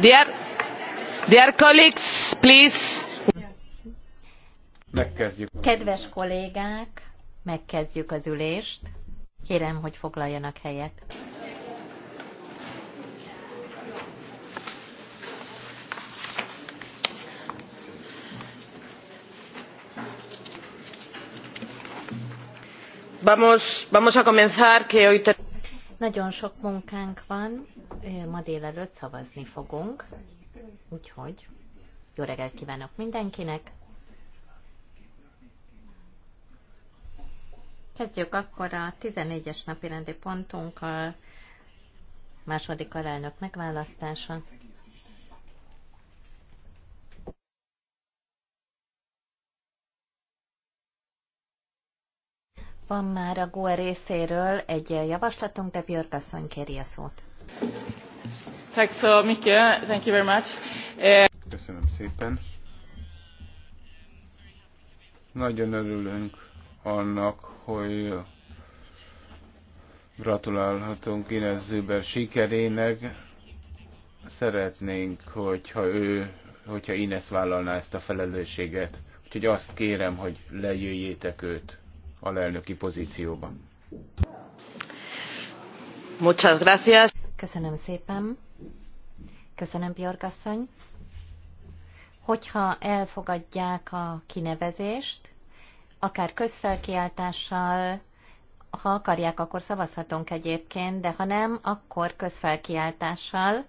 Dear, dear colleagues, please. Megkezdjük. Kedves kollégák, megkezdjük az ülést. Kérem, hogy foglaljanak helyet. Vamos, vamos a comenzar, que hoy te... Nagyon sok munkánk van, ma délelőtt szavazni fogunk, úgyhogy jó reggelt kívánok mindenkinek! Kezdjük akkor a 14-es napi rendi pontunkkal, második alelnök megválasztása. Van már a GUE részéről egy javaslatunk, de Björk asszony kéri a szót. Tack så mycket. Thank you very much. Eh. Köszönöm szépen. Nagyon örülünk annak, hogy gratulálhatunk Ines Züber sikerének. Szeretnénk, hogyha ő, hogyha Ines vállalná ezt a felelősséget. Úgyhogy azt kérem, hogy lejöjjétek őt lelnöki pozícióba. Muchas gracias. Köszönöm szépen. Köszönöm, Björk asszony. Hogyha elfogadják a kinevezést, akár közfelkiáltással, ha akarják, akkor szavazhatunk egyébként, de ha nem, akkor közfelkiáltással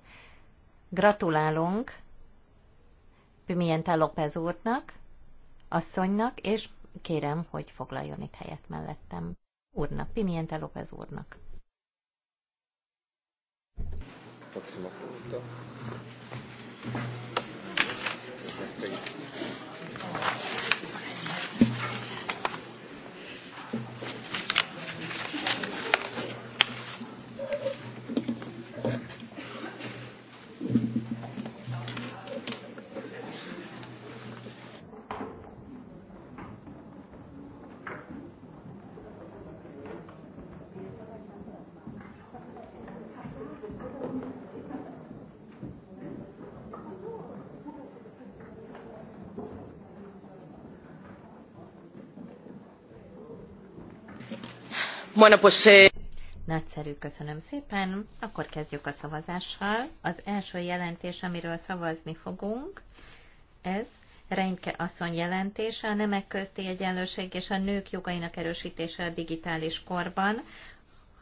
gratulálunk Pimienta López úrnak, asszonynak, és kérem, hogy foglaljon itt helyet mellettem. Úrnak, Pimienta López úrnak prossima punto. Bueno, pues, eh... Nagyszerű, köszönöm szépen. Akkor kezdjük a szavazással. Az első jelentés, amiről szavazni fogunk, ez Reinke asszony jelentése, a nemek közti egyenlőség és a nők jogainak erősítése a digitális korban.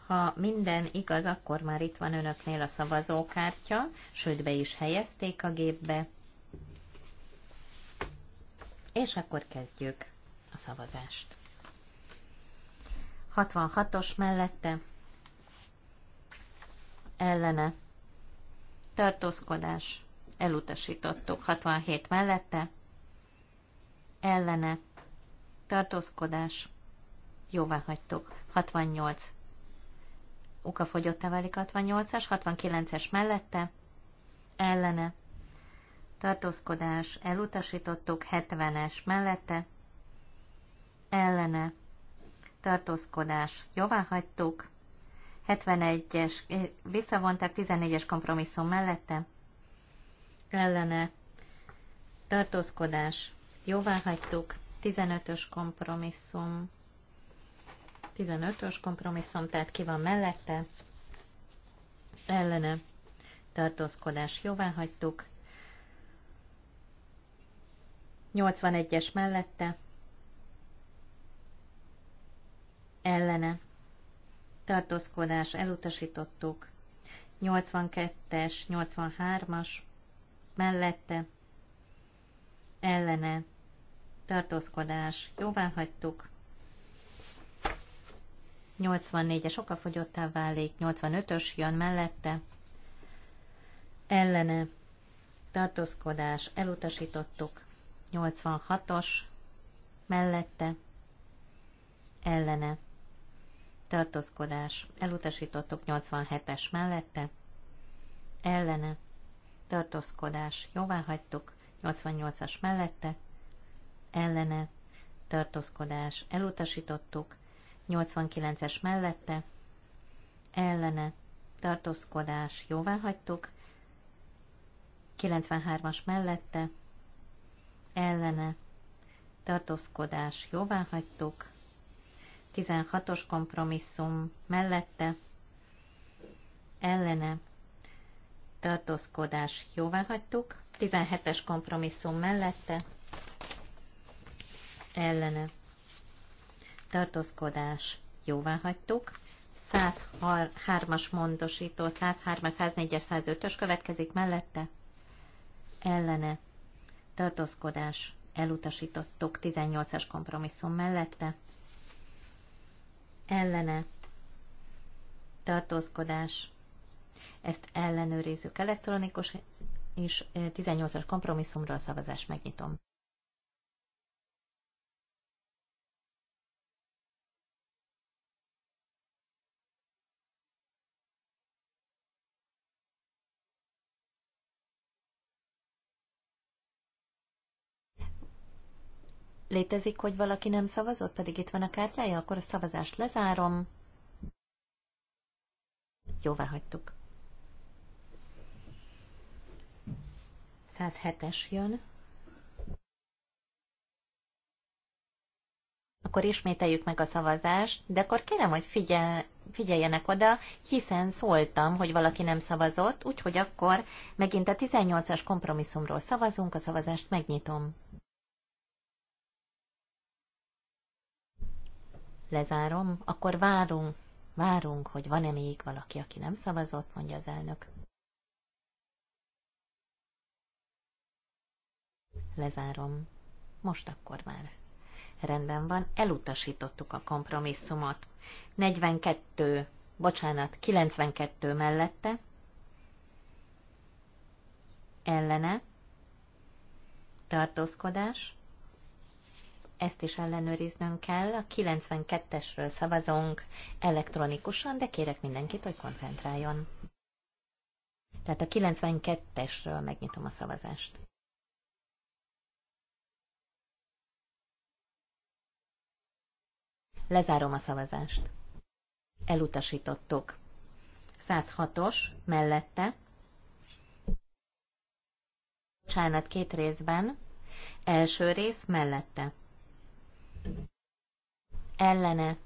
Ha minden igaz, akkor már itt van önöknél a szavazókártya, sőt be is helyezték a gépbe. És akkor kezdjük a szavazást. 66-os mellette ellene tartózkodás elutasítottuk. 67 mellette ellene tartózkodás jóvá hagytuk. 68 uka fogyottá válik 68-as, 69-es mellette ellene tartózkodás elutasítottuk. 70-es mellette ellene tartózkodás jóvá hagytuk, 71-es eh, visszavonták, 14-es kompromisszum mellette, ellene tartózkodás jóvá hagytuk, 15-ös kompromisszum, 15-ös kompromisszum, tehát ki van mellette, ellene tartózkodás jóvá hagytuk, 81-es mellette, ellene tartózkodás elutasítottuk, 82-es, 83-as mellette ellene tartózkodás jóvá hagytuk, 84-es okafogyottá válik, 85-ös jön mellette, ellene tartózkodás elutasítottuk, 86-os mellette ellene tartózkodás, elutasítottuk 87-es mellette, ellene, tartózkodás, jóvá hagytuk 88-as mellette, ellene, tartózkodás, elutasítottuk 89-es mellette, ellene, tartózkodás, jóvá hagytuk 93-as mellette, ellene, tartózkodás, jóvá hagytuk 16-os kompromisszum mellette ellene tartózkodás jóvá hagytuk, 17-es kompromisszum mellette ellene tartózkodás jóvá hagytuk, 103-as mondosító, 103-as, 104-es, 105-ös következik mellette ellene tartózkodás elutasítottuk 18-as kompromisszum mellette ellene tartózkodás. Ezt ellenőrizzük elektronikus, és 18-as a szavazást megnyitom. létezik, hogy valaki nem szavazott, pedig itt van a kártyája, akkor a szavazást lezárom. Jóvá hagytuk. 107-es jön. Akkor ismételjük meg a szavazást, de akkor kérem, hogy figyel, figyeljenek oda, hiszen szóltam, hogy valaki nem szavazott, úgyhogy akkor megint a 18-as kompromisszumról szavazunk, a szavazást megnyitom. Lezárom, akkor várunk, várunk, hogy van-e még valaki, aki nem szavazott, mondja az elnök. Lezárom. Most akkor már. Rendben van, elutasítottuk a kompromisszumot. 42, bocsánat, 92 mellette. Ellene. Tartózkodás ezt is ellenőriznünk kell. A 92-esről szavazunk elektronikusan, de kérek mindenkit, hogy koncentráljon. Tehát a 92-esről megnyitom a szavazást. Lezárom a szavazást. Elutasítottuk. 106-os mellette. Bocsánat, két részben. Első rész mellette ellene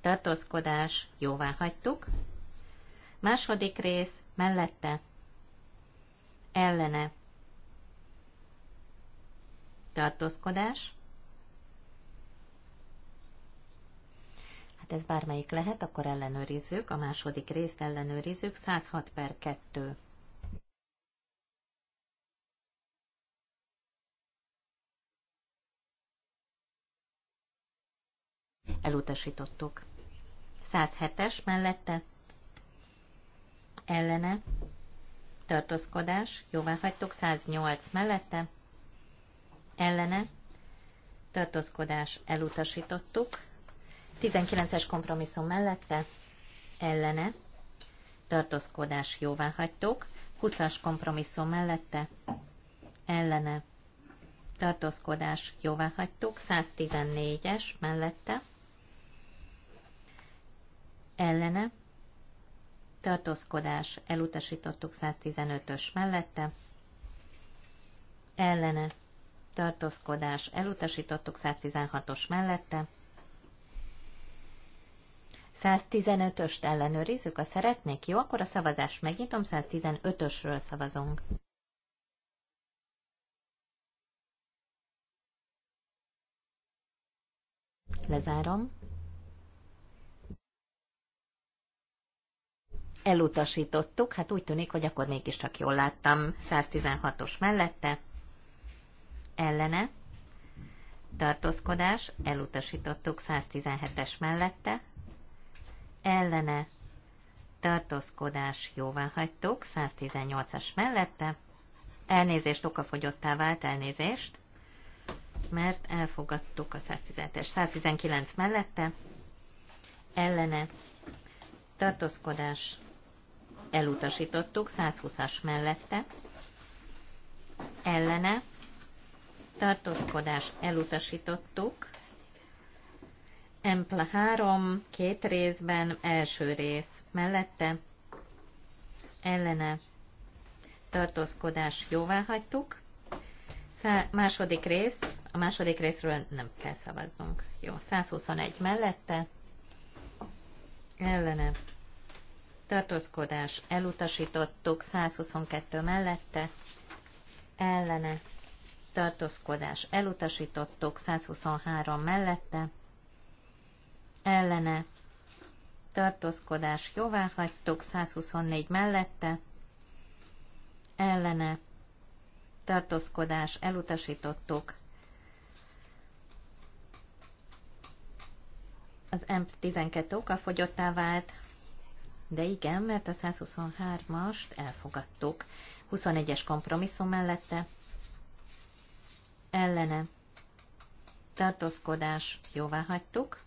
tartózkodás jóvá hagytuk. Második rész mellette ellene tartózkodás. Hát ez bármelyik lehet, akkor ellenőrizzük, a második részt ellenőrizzük, 106 per 2. elutasítottuk. 107-es mellette ellene tartózkodás, jóvá hagytuk, 108 mellette ellene tartózkodás elutasítottuk, 19-es kompromisszum mellette ellene tartózkodás jóvá hagytuk, 20-as kompromisszum mellette ellene tartózkodás jóvá hagytuk, 114-es mellette ellene, tartózkodás elutasítottuk 115-ös mellette, ellene, tartózkodás elutasítottuk 116-os mellette, 115-öst ellenőrizzük, a szeretnék, jó, akkor a szavazást megnyitom, 115-ösről szavazunk. Lezárom. elutasítottuk, hát úgy tűnik, hogy akkor mégiscsak jól láttam. 116-os mellette, ellene, tartózkodás, elutasítottuk 117-es mellette, ellene, tartózkodás, jóvá hagytuk 118-as mellette, elnézést okafogyottá vált, elnézést, mert elfogadtuk a 117-es, 119 mellette, ellene, tartózkodás, elutasítottuk 120-as mellette, ellene, tartózkodás elutasítottuk, Empla 3, két részben, első rész mellette, ellene, tartózkodás jóvá hagytuk, Szá- második rész, a második részről nem kell szavaznunk. Jó, 121 mellette, ellene, tartózkodás elutasítottuk 122 mellette, ellene tartózkodás elutasítottuk 123 mellette, ellene tartózkodás jóvá hagytuk 124 mellette, ellene tartózkodás elutasítottuk az M12 okafogyottá vált, de igen, mert a 123-ast elfogadtuk. 21-es kompromisszum mellette ellene tartózkodás jóvá hagytuk.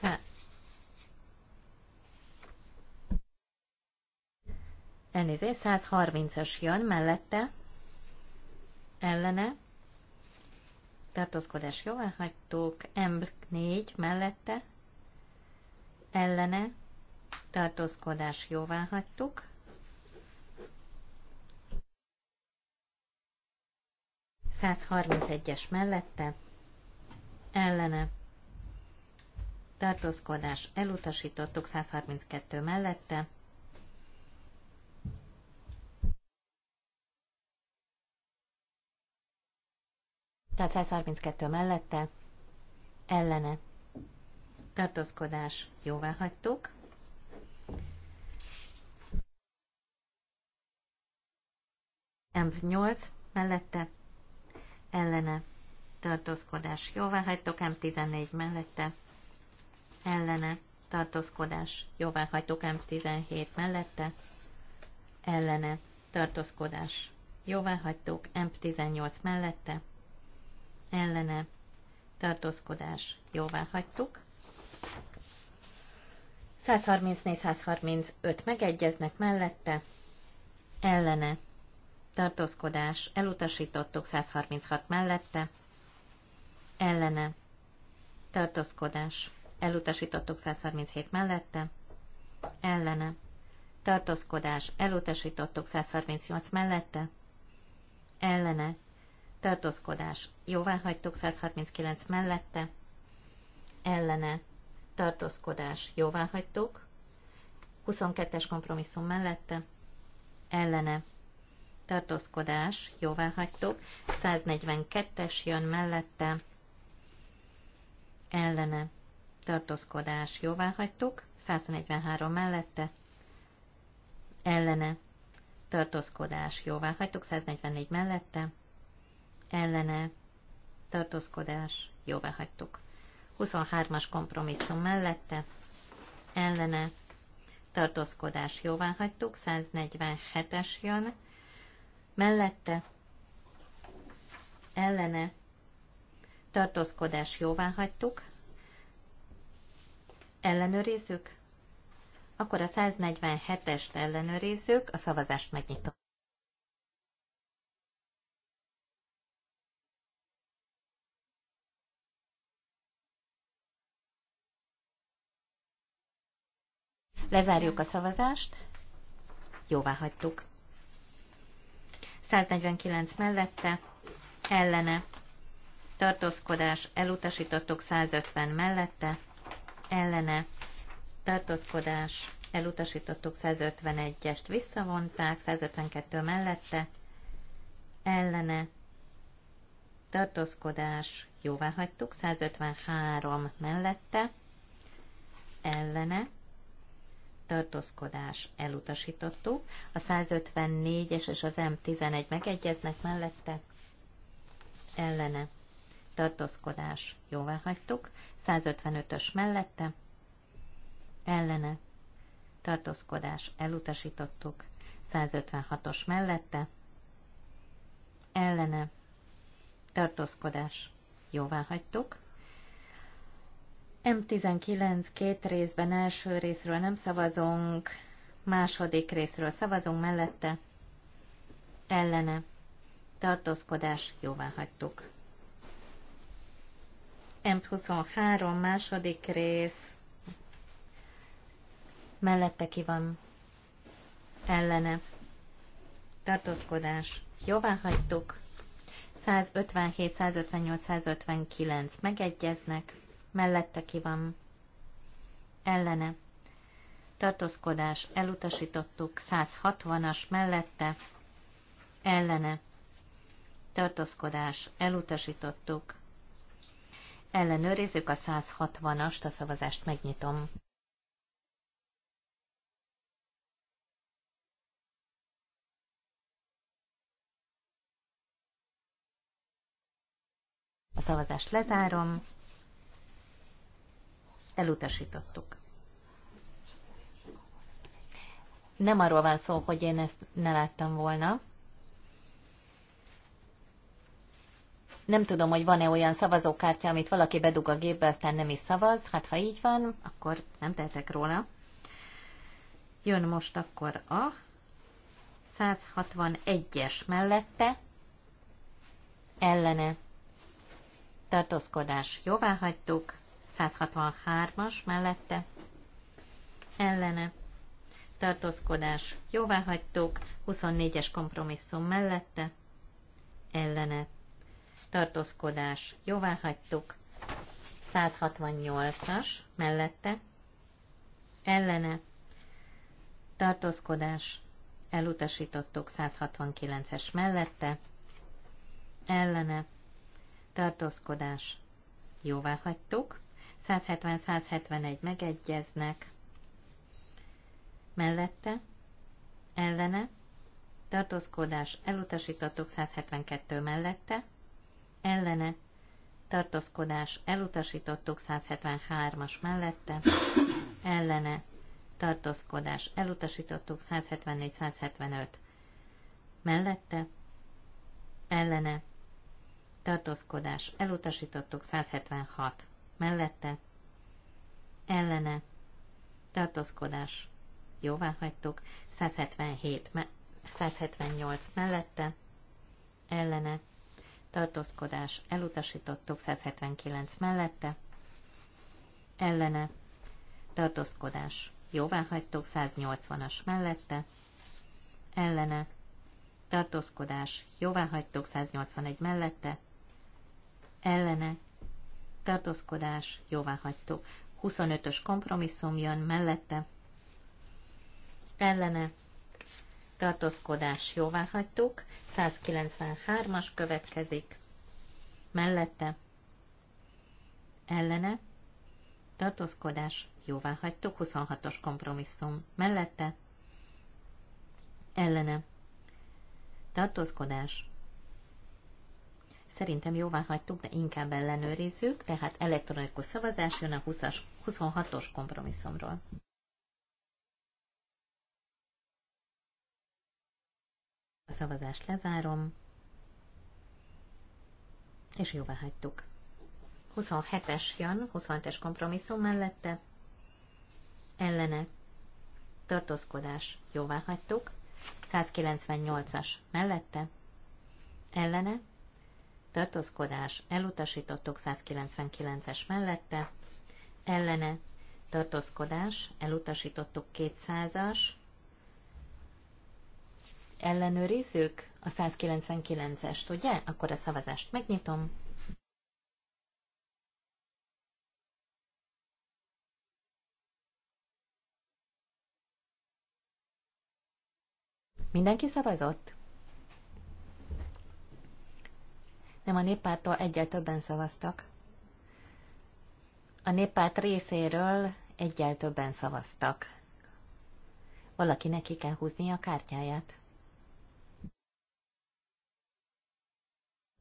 Szá- Elnézést, 130-as jön mellette, ellene, tartózkodás jóvá hagytuk, M4 mellette, ellene, tartózkodás jóvá hagytuk. es mellette, ellene, tartózkodás elutasítottuk 132 mellette, tehát 132 mellette, ellene, tartózkodás jóvá hagytuk, M8 mellette ellene tartózkodás jóvá hagytok, M14 mellette ellene tartózkodás jóvá hagytok, M17 mellette ellene tartózkodás jóvá hagytok, M18 mellette ellene tartózkodás jóvá hagytuk. 134-135 megegyeznek mellette, ellene tartózkodás, elutasítottuk 136 mellette, ellene, tartózkodás, elutasítottuk 137 mellette, ellene, tartózkodás, elutasítottuk 138 mellette, ellene, tartózkodás, jóvá hagytuk 139 mellette, ellene, tartózkodás, jóvá hagytuk, 22-es kompromisszum mellette, ellene, tartózkodás, jóvá hagytuk, 142-es jön mellette, ellene, tartózkodás, jóvá hagytuk, 143 mellette, ellene, tartózkodás, jóvá hagytuk, 144 mellette, ellene, tartózkodás, jóvá hagytuk. 23-as kompromisszum mellette, ellene, tartózkodás, jóvá hagytuk, 147-es jön, mellette, ellene, tartózkodás jóvá hagytuk, ellenőrizzük, akkor a 147-est ellenőrizzük, a szavazást megnyitom. Lezárjuk a szavazást, jóvá hagytuk. 149 mellette, ellene, tartózkodás, elutasítottuk 150 mellette, ellene, tartózkodás, elutasítottuk 151-est, visszavonták, 152 mellette, ellene, tartózkodás, jóvá hagytuk, 153 mellette, ellene, tartózkodás elutasítottuk, a 154-es és az M11 megegyeznek mellette, ellene tartózkodás jóvá hagytuk, 155-ös mellette, ellene tartózkodás elutasítottuk, 156-os mellette, ellene tartózkodás jóvá hagytuk, M19 két részben első részről nem szavazunk, második részről szavazunk mellette, ellene, tartózkodás, jóvá hagytuk. M23 második rész, mellette ki van, ellene, tartózkodás, jóvá hagytuk. 157, 158, 159 megegyeznek, mellette ki van, ellene, tartózkodás, elutasítottuk, 160-as mellette, ellene, tartózkodás, elutasítottuk, ellenőrizzük a 160-ast, a szavazást megnyitom. A szavazást lezárom elutasítottuk. Nem arról van szó, hogy én ezt ne láttam volna. Nem tudom, hogy van-e olyan szavazókártya, amit valaki bedug a gépbe, aztán nem is szavaz. Hát ha így van, akkor nem tehetek róla. Jön most akkor a 161-es mellette ellene tartózkodás jóvá hagytuk, 163-as mellette ellene tartózkodás jóváhagytók 24-es kompromisszum mellette ellene tartózkodás jóváhagytók 168-as mellette ellene tartózkodás elutasítottuk 169-es mellette ellene tartózkodás jóváhagytuk. 170-171 megegyeznek, mellette, ellene, tartózkodás elutasítottuk 172 mellette, ellene, tartózkodás elutasítottuk 173-as mellette, ellene, tartózkodás elutasítottuk 174-175 mellette, ellene, tartózkodás elutasítottuk 176 mellette, ellene, tartózkodás, jóvá hagytuk, 177, me- 178 mellette, ellene, tartózkodás, elutasítottuk, 179 mellette, ellene, tartózkodás, jóvá hagytuk, 180-as mellette, ellene, tartózkodás, jóvá hagytuk, 181 mellette, ellene, tartózkodás, jóváhagytó. 25-ös kompromisszum jön mellette, ellene, tartózkodás, jóvá 193-as következik, mellette, ellene, tartózkodás, jóvá 26-os kompromisszum mellette, ellene, tartózkodás, Szerintem jóvá hagytuk, de inkább ellenőrizzük, tehát elektronikus szavazás jön a 20 26-os kompromisszumról. A szavazást lezárom, és jóvá hagytuk. 27-es jön, 27-es kompromisszum mellette, ellene, tartózkodás, jóvá hagytuk, 198-as mellette, ellene, tartózkodás elutasítottuk 199-es mellette, ellene tartózkodás elutasítottuk 200-as, ellenőrizzük a 199-est, ugye? Akkor a szavazást megnyitom. Mindenki szavazott? Nem, a néppártól egyel többen szavaztak. A néppárt részéről egyel többen szavaztak. Valaki neki kell húzni a kártyáját.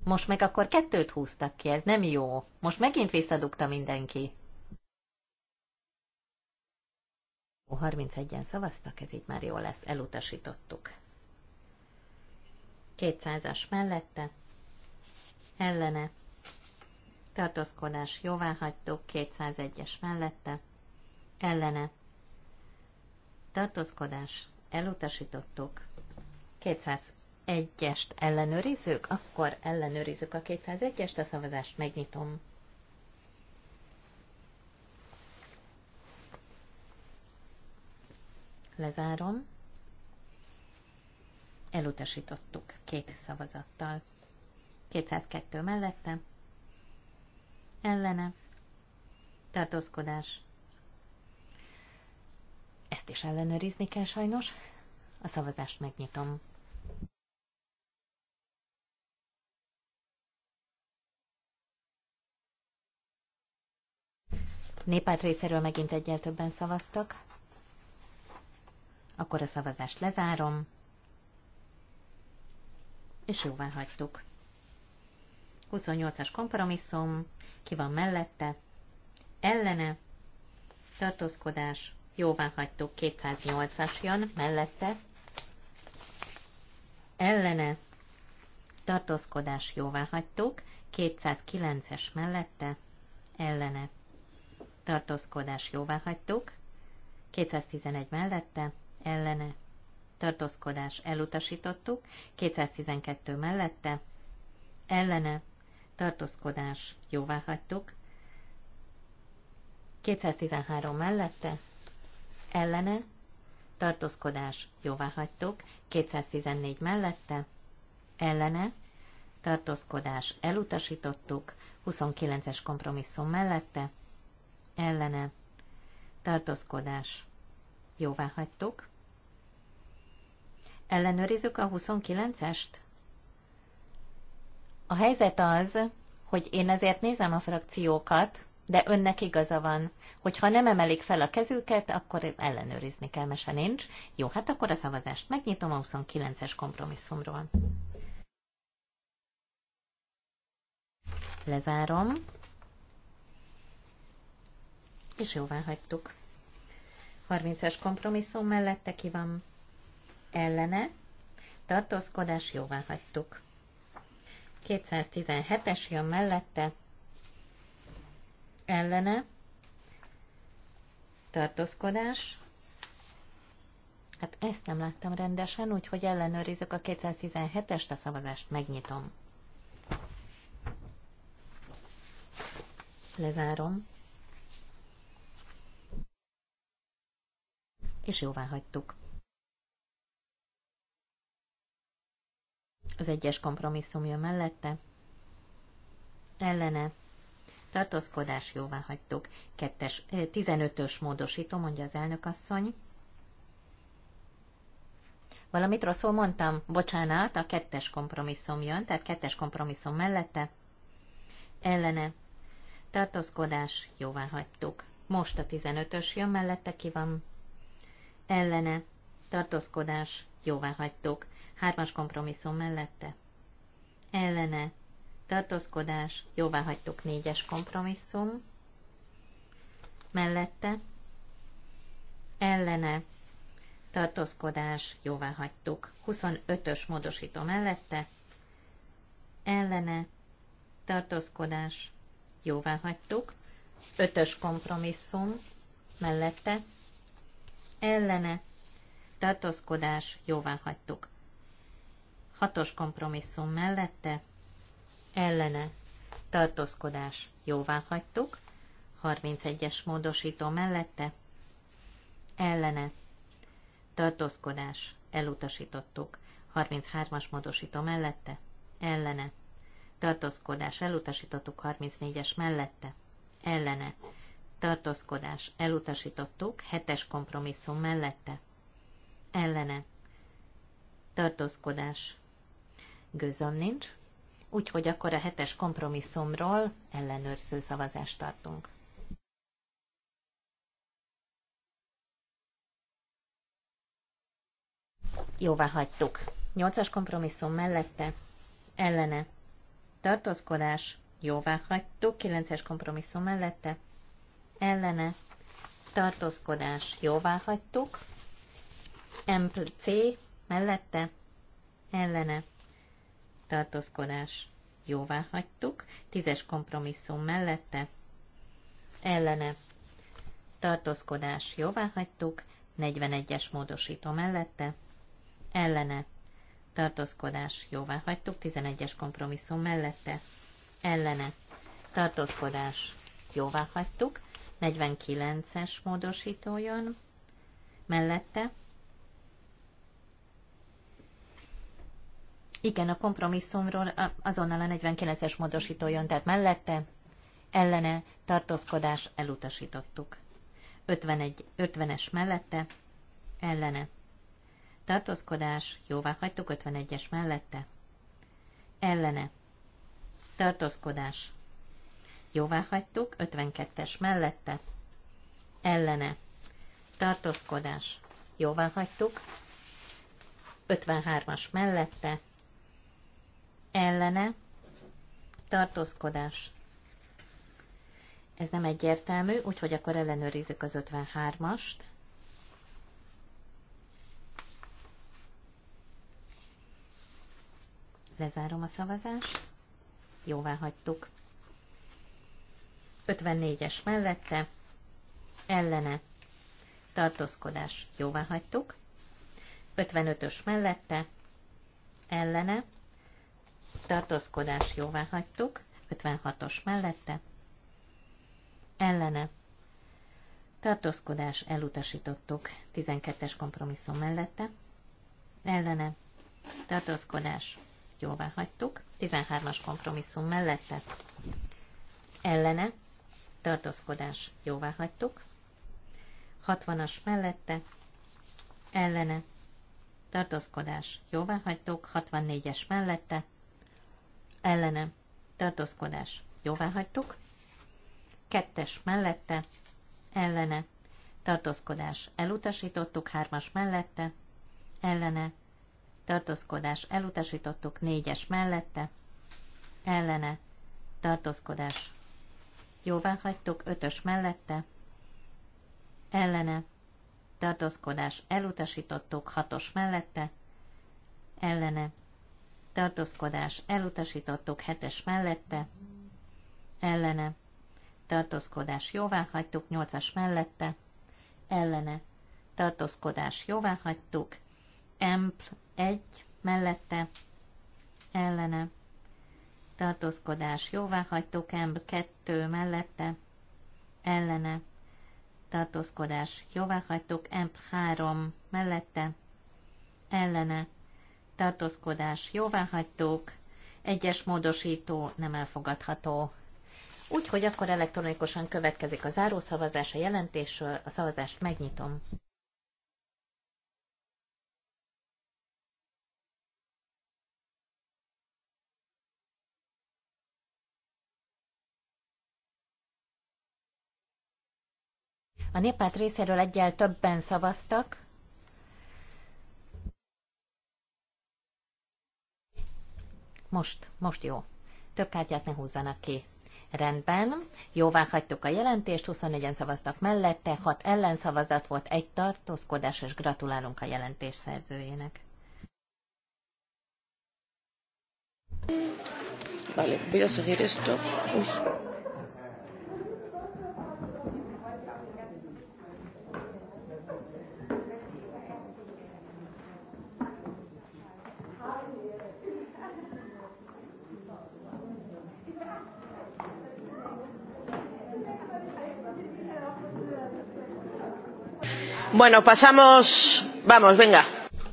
Most meg akkor kettőt húztak ki, ez nem jó. Most megint visszadugta mindenki. 31-en szavaztak, ez így már jó lesz, elutasítottuk. 200-as mellette, ellene, tartózkodás jóvá hagytuk 201-es mellette, ellene, tartózkodás elutasítottuk 201-est ellenőrizzük, akkor ellenőrizzük a 201-est, a szavazást megnyitom. Lezárom. Elutasítottuk két szavazattal. 202 mellette, ellene, tartózkodás. Ezt is ellenőrizni kell sajnos. A szavazást megnyitom. Népát részéről megint egyel többen szavaztak. Akkor a szavazást lezárom, és jóvá hagytuk. 28-as kompromisszum, ki van mellette, ellene, tartózkodás, jóvá hagytuk 208-as jön, mellette, ellene, tartózkodás, jóvá hagytuk, 209-es mellette, ellene, tartózkodás, jóvá hagytuk, 211 mellette, ellene, tartózkodás, elutasítottuk, 212 mellette, ellene, tartózkodás jóvá hagytuk. 213 mellette, ellene, tartózkodás jóvá hagytuk. 214 mellette, ellene, tartózkodás elutasítottuk. 29-es kompromisszum mellette, ellene, tartózkodás jóvá hagytuk. Ellenőrizzük a 29-est? A helyzet az, hogy én azért nézem a frakciókat, de önnek igaza van, hogy ha nem emelik fel a kezüket, akkor ellenőrizni kell, mese nincs. Jó, hát akkor a szavazást megnyitom a 29-es kompromisszumról. Lezárom. És jóvá hagytuk. 30-es kompromisszum mellette ki van ellene. Tartózkodás jóvá hagytuk. 217-es jön mellette, ellene, tartózkodás. Hát ezt nem láttam rendesen, úgyhogy ellenőrizök a 217-est, a szavazást megnyitom. Lezárom. És jóvá hagytuk. Az egyes kompromisszum jön mellette. Ellene. Tartózkodás jóvá hagytuk. Kettes, 15-ös módosító, mondja az elnökasszony. Valamit rosszul mondtam, bocsánat, a kettes kompromisszum jön, tehát kettes kompromisszum mellette. Ellene. Tartózkodás jóvá hagytuk. Most a 15-ös jön mellette, ki van. Ellene. Tartózkodás Jóvá hagytuk. Hármas kompromisszum mellette. Ellene. Tartózkodás. Jóvá hagytuk. Négyes kompromisszum. Mellette. Ellene. Tartózkodás. Jóvá hagytuk. 25-ös módosító mellette. Ellene. Tartózkodás. Jóvá hagytuk. Ötös kompromisszum mellette. Ellene tartózkodás, jóvá hagytuk. Hatos kompromisszum mellette, ellene, tartózkodás, jóvá hagytuk. 31-es módosító mellette, ellene, tartózkodás, elutasítottuk. 33-as módosító mellette, ellene, tartózkodás, elutasítottuk. 34-es mellette, ellene, tartózkodás, elutasítottuk. 7-es kompromisszum mellette, ellene. Tartózkodás. Gőzöm nincs, úgyhogy akkor a hetes kompromisszumról ellenőrző szavazást tartunk. Jóvá hagytuk. Nyolcas kompromisszum mellette, ellene, tartózkodás, jóvá hagytuk. Kilences kompromisszum mellette, ellene, tartózkodás, jóvá hagytuk. MPC mellette ellene tartózkodás jóvá hagytuk, tízes kompromisszum mellette ellene tartózkodás jóvá hagytuk, 41-es módosító mellette ellene tartózkodás jóvá hagytuk, 11-es kompromisszum mellette ellene tartózkodás jóvá hagytuk, 49-es módosító jön mellette Igen, a kompromisszumról azonnal a 49-es módosító jön, tehát mellette, ellene, tartózkodás, elutasítottuk. 51, 50-es mellette, ellene. Tartózkodás, jóvá hagytuk 51-es mellette. Ellene. Tartózkodás. Jóvá hagytuk 52-es mellette. Ellene. Tartózkodás. Jóvá hagytuk 53-as mellette ellene, tartózkodás. Ez nem egyértelmű, úgyhogy akkor ellenőrizzük az 53-ast. Lezárom a szavazást. Jóvá hagytuk. 54-es mellette, ellene, tartózkodás. Jóvá hagytuk. 55-ös mellette, ellene, tartózkodás jóvá hagytuk, 56-os mellette, ellene, tartózkodás elutasítottuk, 12-es kompromisszum mellette, ellene, tartózkodás jóvá hagytuk, 13-as kompromisszum mellette, ellene, tartózkodás jóvá hagytuk, 60-as mellette, ellene, tartózkodás jóvá hagytuk, 64-es mellette, ellene tartózkodás jóvá hagytuk, kettes mellette ellene tartózkodás elutasítottuk, hármas mellette ellene tartózkodás elutasítottuk, négyes mellette ellene tartózkodás jóvá hagytuk, ötös mellette ellene tartózkodás elutasítottuk, hatos mellette ellene tartózkodás elutasítottuk hetes mellette, ellene, tartózkodás jóvá hagytuk nyolcas mellette, ellene, tartózkodás jóvá hagytuk, empl egy, mellette, ellene, tartózkodás jóvá hagytuk, empl kettő, mellette, ellene, tartózkodás jóvá hagytuk, empl 3 mellette, ellene, tartózkodás jóváhagytók, egyes módosító nem elfogadható. Úgyhogy akkor elektronikusan következik a zárószavazás a jelentésről, a szavazást megnyitom. A néppárt részéről egyel többen szavaztak, Most, most jó. Több kártyát ne húzzanak ki. Rendben, jóvá hagytuk a jelentést, 24-en szavaztak mellette, 6 ellenszavazat volt, egy tartózkodás, és gratulálunk a jelentés szerzőjének. Vale, voy a seguir esto. Uy.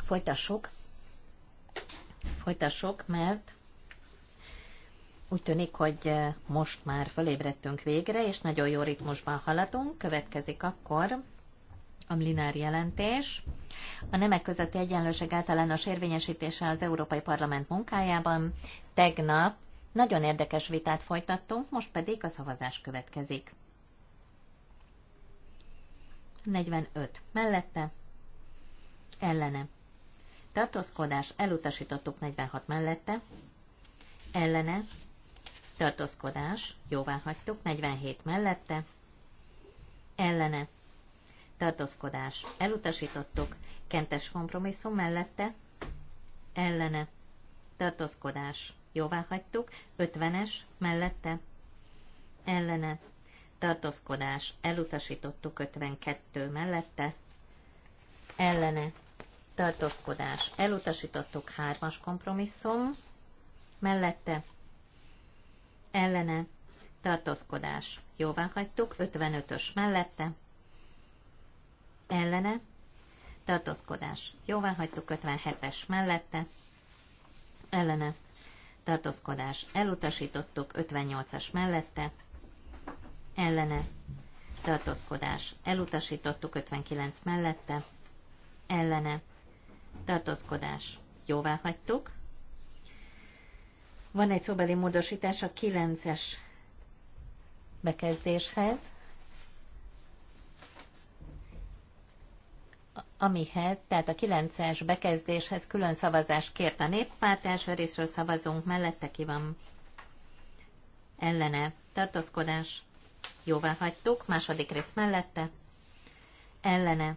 Folytassuk. mert úgy tűnik, hogy eh, most már felébredtünk végre, és nagyon jó ritmusban haladunk. Következik akkor a Mlinár jelentés. A nemek közötti egyenlőség általános érvényesítése az Európai Parlament munkájában. Tegnap nagyon érdekes vitát folytattunk, most pedig a szavazás következik. 45 mellette, ellene. Tartózkodás elutasítottuk 46 mellette, ellene. Tartózkodás jóvá hagytuk 47 mellette, ellene. Tartózkodás elutasítottuk kentes kompromisszum mellette, ellene. Tartózkodás jóvá hagytuk 50-es mellette, ellene tartózkodás, elutasítottuk 52 mellette, ellene, tartózkodás, elutasítottuk 3-as kompromisszum, mellette, ellene, tartózkodás, jóvá hagytuk 55-ös mellette, ellene, tartózkodás, jóvá hagytuk 57-es mellette, ellene, tartózkodás, elutasítottuk 58-as mellette, ellene tartózkodás elutasítottuk 59 mellette, ellene tartózkodás jóvá hagytuk. Van egy szóbeli módosítás a 9-es bekezdéshez, amihez, tehát a 9-es bekezdéshez külön szavazást kért a néppárt, első részről szavazunk, mellette ki van ellene tartózkodás Jóvá hagytuk, második rész mellette, ellene,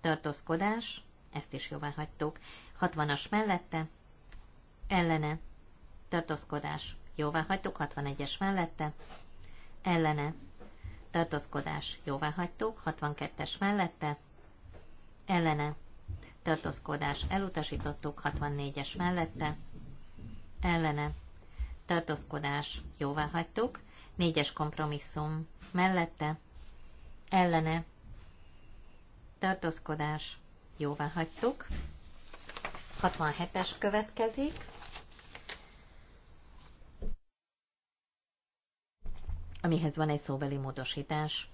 tartózkodás, ezt is jóvá hagytuk, Hatvanas mellette, ellene, tartózkodás, jóvá hagytuk, Hatvanegyes mellette, ellene, tartózkodás, jóvá hagytuk, Hatvankettes mellette, ellene, tartózkodás, elutasítottuk, Hatvannégyes mellette, ellene, tartózkodás, jóvá hagytuk, Négyes kompromisszum. Mellette. Ellene. Tartózkodás. Jóvá hagytuk. 67-es következik. Amihez van egy szóbeli módosítás.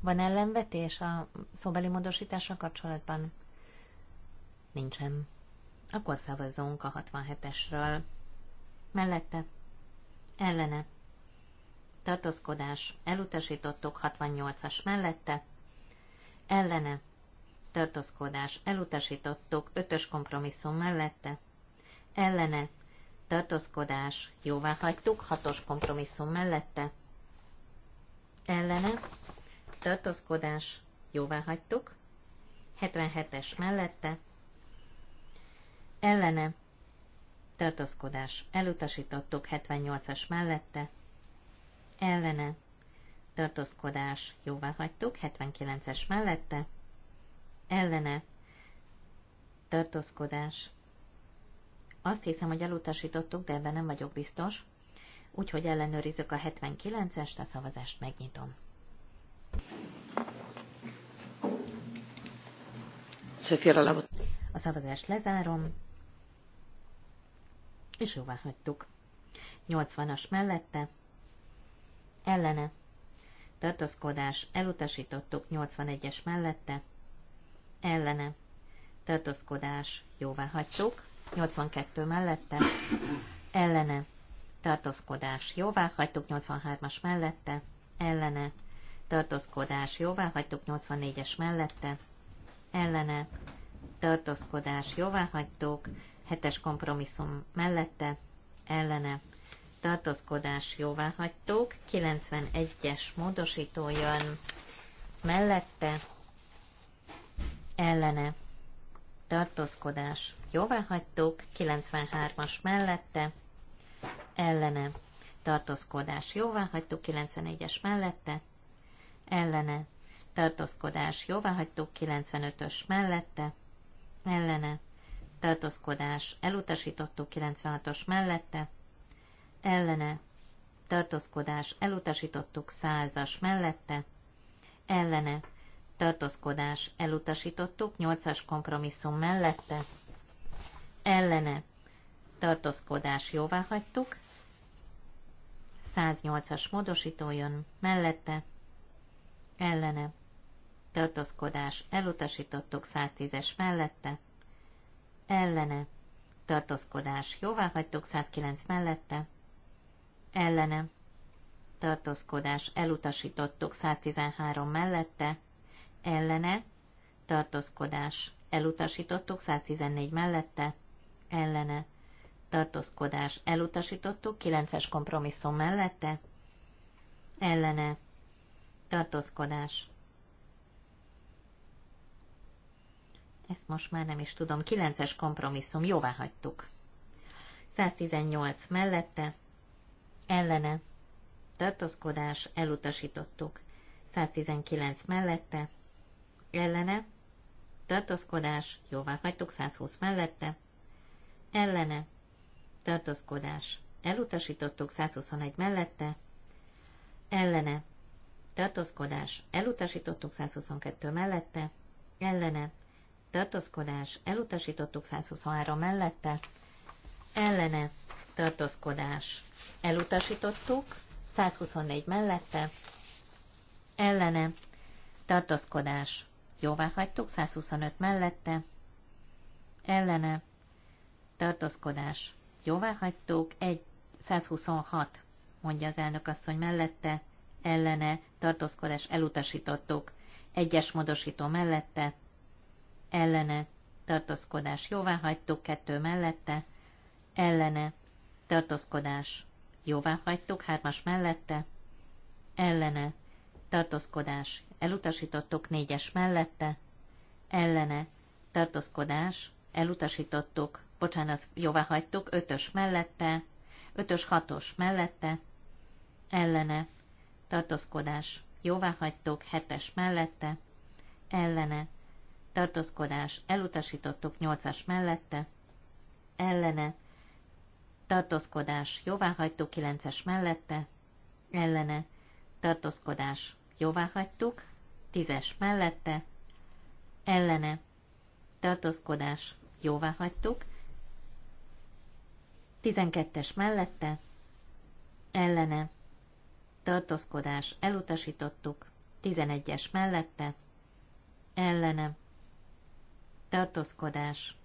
Van ellenvetés a szóbeli módosítással kapcsolatban? Nincsen. Akkor szavazzunk a 67-esről. Mellette. Ellene. Tartózkodás. Elutasítottuk 68-as mellette. Ellene. Tartózkodás. Elutasítottuk 5-ös kompromisszum mellette. Ellene. Tartózkodás. Jóvá hagytuk 6-os kompromisszum mellette. Ellene. Tartózkodás. Jóvá hagytuk. 77-es mellette ellene, tartózkodás elutasítottuk 78-as mellette, ellene, tartózkodás jóvá hagytuk 79-es mellette, ellene, tartózkodás. Azt hiszem, hogy elutasítottuk, de ebben nem vagyok biztos, úgyhogy ellenőrizök a 79-est, a szavazást megnyitom. A szavazást lezárom és jóvá hagytuk. 80-as mellette, ellene, tartózkodás, elutasítottuk 81-es mellette, ellene, tartózkodás, jóvá hagytuk, 82 mellette, ellene, tartózkodás, jóvá hagytuk 83-as mellette, ellene, tartózkodás, jóvá hagytuk 84-es mellette, ellene, tartózkodás, jóvá hagytuk hetes kompromisszum mellette ellene tartózkodás jóvá hagytók, 91-es módosító jön mellette ellene tartózkodás jóvá hagytók, 93-as mellette ellene tartózkodás jóvá hagytók, 91-es mellette ellene tartózkodás jóvá 95-ös mellette ellene tartózkodás elutasítottuk 96-os mellette, ellene tartózkodás elutasítottuk 100-as mellette, ellene tartózkodás elutasítottuk 8-as kompromisszum mellette, ellene tartózkodás jóvá hagytuk, 108-as módosító jön mellette, ellene tartózkodás elutasítottuk 110-es mellette, ellene, tartózkodás, jóvá hagytok 109 mellette, ellene, tartózkodás, elutasítottuk, 113 mellette, ellene, tartózkodás, elutasítottuk, 114 mellette, ellene, tartózkodás, elutasítottuk, 9-es kompromisszum mellette, ellene, tartózkodás, ezt most már nem is tudom, Kilences kompromisszum, jóvá hagytuk. 118 mellette, ellene, tartózkodás, elutasítottuk. 119 mellette, ellene, tartózkodás, jóvá hagytuk, 120 mellette, ellene, tartózkodás, elutasítottuk, 121 mellette, ellene, tartózkodás, elutasítottuk, 122 mellette, ellene, tartózkodás, elutasítottuk 123 mellette, ellene tartózkodás, elutasítottuk 124 mellette, ellene tartózkodás, jóvá hagytuk 125 mellette, ellene tartózkodás, jóvá hagytuk 1 126 mondja az elnök asszony mellette, ellene tartózkodás elutasítottuk, egyes módosító mellette, ellene, tartózkodás jóvá hagytuk, kettő mellette, ellene, tartózkodás jóvá hagytuk, hármas mellette, ellene, tartózkodás elutasítottuk, négyes mellette, ellene, tartózkodás elutasítottuk, bocsánat, jóvá hagytuk, ötös mellette, ötös hatos mellette, ellene, tartózkodás jóvá hagytuk, hetes mellette, ellene, tartózkodás, elutasítottuk nyolcas mellette, ellene, tartózkodás, jóváhagytuk kilences mellette, ellene, tartózkodás, jóváhagytuk 10 mellette, ellene, tartózkodás, jóváhagytuk tizenkettes mellette, ellene, tartózkodás, elutasítottuk tizenegyes mellette, ellene, tartózkodás.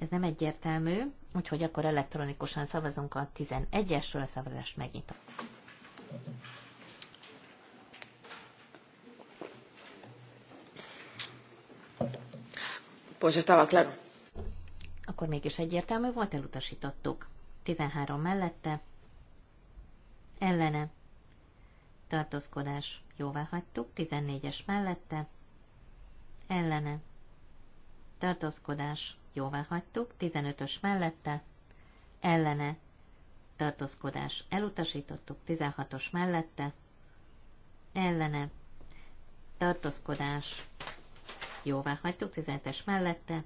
Ez nem egyértelmű, úgyhogy akkor elektronikusan szavazunk a 11-esről, a szavazást megnyitom. Pues estaba claro. Akkor mégis egyértelmű volt, elutasítottuk. 13 mellette, ellene, tartózkodás, jóvá hagytuk, 14-es mellette, ellene. Tartózkodás, jóvá hagytuk, 15-ös mellette, ellene. Tartózkodás, elutasítottuk, 16-os mellette, ellene. Tartózkodás, jóvá hagytuk, 17-es mellette,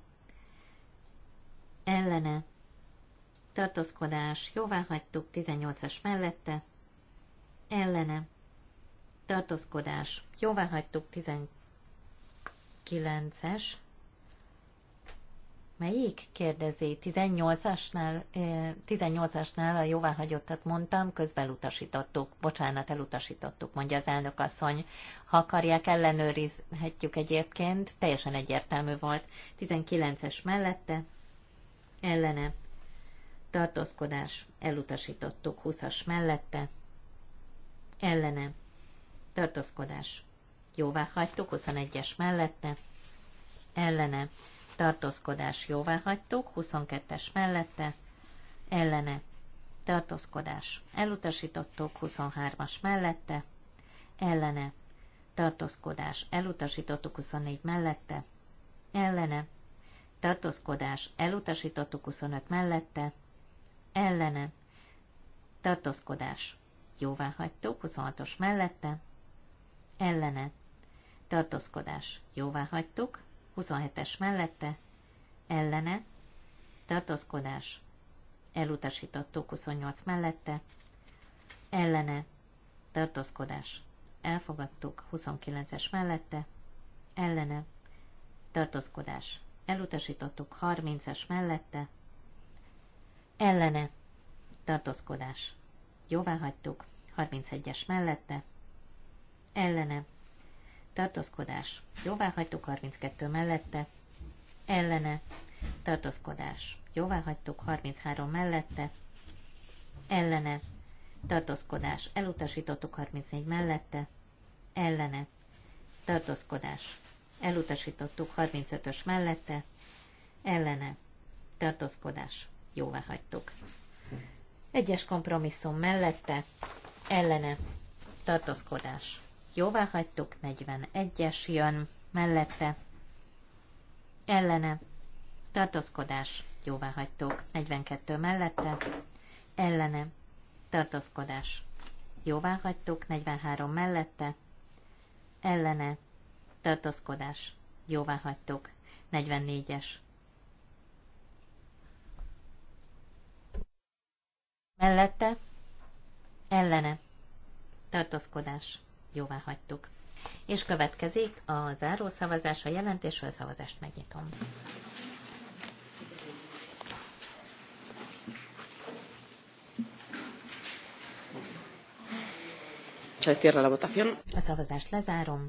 ellene. Tartózkodás, jóvá hagytuk, 18-as mellette, ellene. Tartózkodás, jóvá hagytuk, 19 9-es. Melyik? Kérdezi. 18-asnál, 18-asnál a jóváhagyottat mondtam, közbelutasítottuk. Bocsánat, elutasítottuk, mondja az elnök asszony. Ha akarják, ellenőrizhetjük egyébként. Teljesen egyértelmű volt. 19-es mellette, ellene, tartózkodás, elutasítottuk. 20-as mellette, ellene, tartózkodás, jóvá hagytuk, 21-es mellette, ellene, tartózkodás jóvá hagytuk, 22-es mellette, ellene, tartózkodás elutasítottuk, 23-as mellette, ellene, tartózkodás elutasítottuk, 24 mellette, ellene, tartózkodás elutasítottuk, 25 mellette, ellene, tartózkodás jóvá hagytuk, 26-os mellette, ellene, tartózkodás jóvá hagytuk, 27-es mellette, ellene, tartózkodás elutasítottuk, 28 mellette, ellene, tartózkodás elfogadtuk, 29-es mellette, ellene, tartózkodás elutasítottuk, 30-es mellette, ellene, tartózkodás jóvá hagytuk, 31-es mellette, ellene, tartózkodás. jóváhagytuk 32 mellette, ellene, tartózkodás. jóváhagytuk 33 mellette, ellene, tartózkodás. Elutasítottuk 34 mellette, ellene, tartózkodás. Elutasítottuk 35-ös mellette, ellene, tartózkodás. jóváhagytuk, Egyes kompromisszum mellette, ellene, tartózkodás Jóvá hagytuk, 41-es jön, mellette, ellene, tartózkodás, jóvá hagytuk, 42 mellette, ellene, tartózkodás, jóvá hagytuk, 43 mellette, ellene, tartózkodás, jóvá hagytuk, 44-es. Mellette, ellene, tartózkodás, jóvá hagytuk. És következik a záró szavazás, a jelentésről szavazást megnyitom. A szavazást lezárom.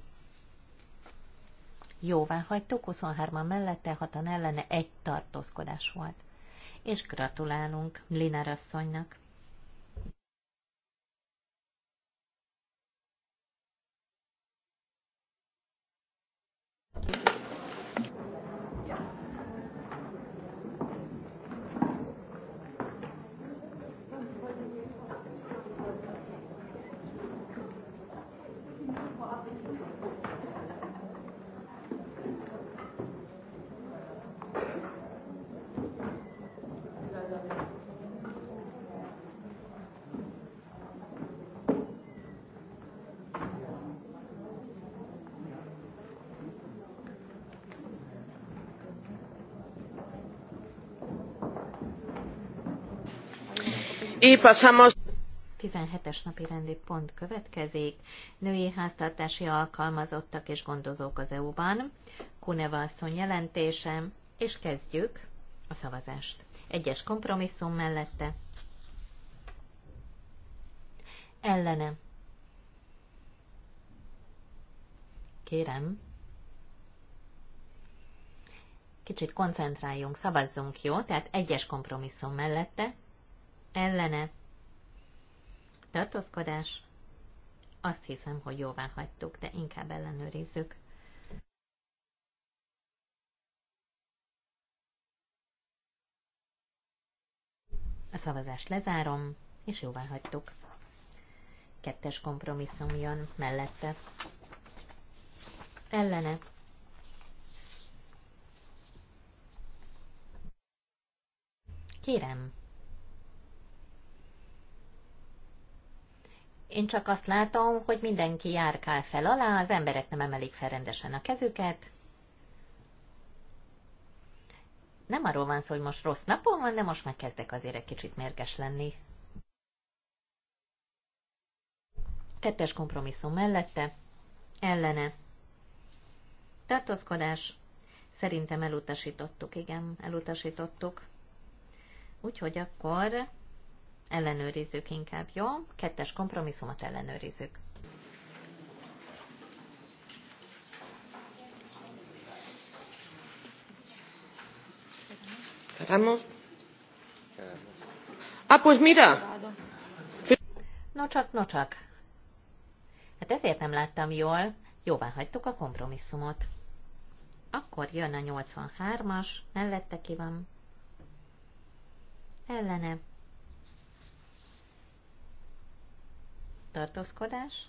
Jóvá hagytuk, 23-an mellette, 6-an ellene egy tartózkodás volt. És gratulálunk Linár asszonynak. 17-es napi rendi pont következik. Női háztartási alkalmazottak és gondozók az EU-ban. Kuneva asszony jelentése, és kezdjük a szavazást. Egyes kompromisszum mellette. Ellene. Kérem. Kicsit koncentráljunk, szavazzunk, jó? Tehát egyes kompromisszum mellette ellene tartózkodás, azt hiszem, hogy jóvá hagytuk, de inkább ellenőrizzük. A szavazást lezárom, és jóvá hagytuk. Kettes kompromisszum jön mellette. Ellene. Kérem, Én csak azt látom, hogy mindenki járkál fel alá, az emberek nem emelik fel rendesen a kezüket. Nem arról van szó, hogy most rossz napom van, de most már kezdek azért egy kicsit mérges lenni. Kettes kompromisszum mellette, ellene. Tartózkodás. Szerintem elutasítottuk, igen, elutasítottuk. Úgyhogy akkor ellenőrizzük inkább, jó? Kettes kompromisszumot ellenőrizzük. Cerramos. Ah, pues mira. Nocsak, nocsak. Hát ezért nem láttam jól. Jóvá hagytuk a kompromisszumot. Akkor jön a 83-as, mellette ki van. Ellene Tartózkodás?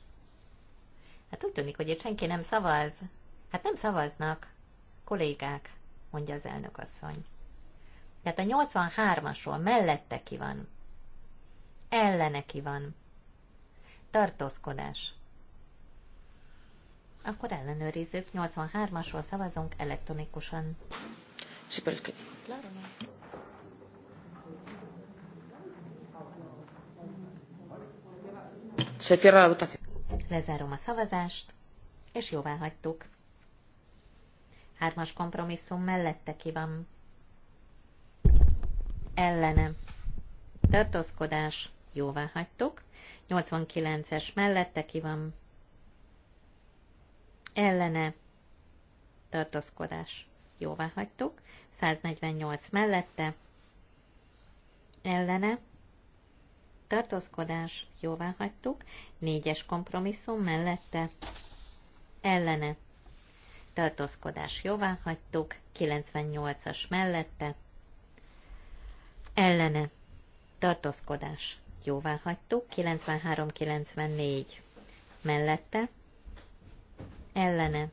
Hát úgy tűnik, hogy itt senki nem szavaz. Hát nem szavaznak. Kollégák, mondja az elnök asszony. Tehát a 83-asról mellette ki van. Ellene ki van. Tartózkodás. Akkor ellenőrizzük, 83-asról szavazunk elektronikusan. Sikerült. köszönöm. Se cierra la votación. Lezárom a szavazást, és jóvá hagytuk. Hármas kompromisszum mellette ki van. Ellene. Tartózkodás. Jóvá hagytuk. 89-es mellette ki van. Ellene. Tartózkodás. Jóvá hagytuk. 148 mellette. Ellene tartózkodás, jóvá hagytuk, négyes kompromisszum mellette, ellene, tartózkodás, jóvá hagytuk, 98-as mellette, ellene, tartózkodás, jóvá hagytuk, 93-94 mellette, ellene,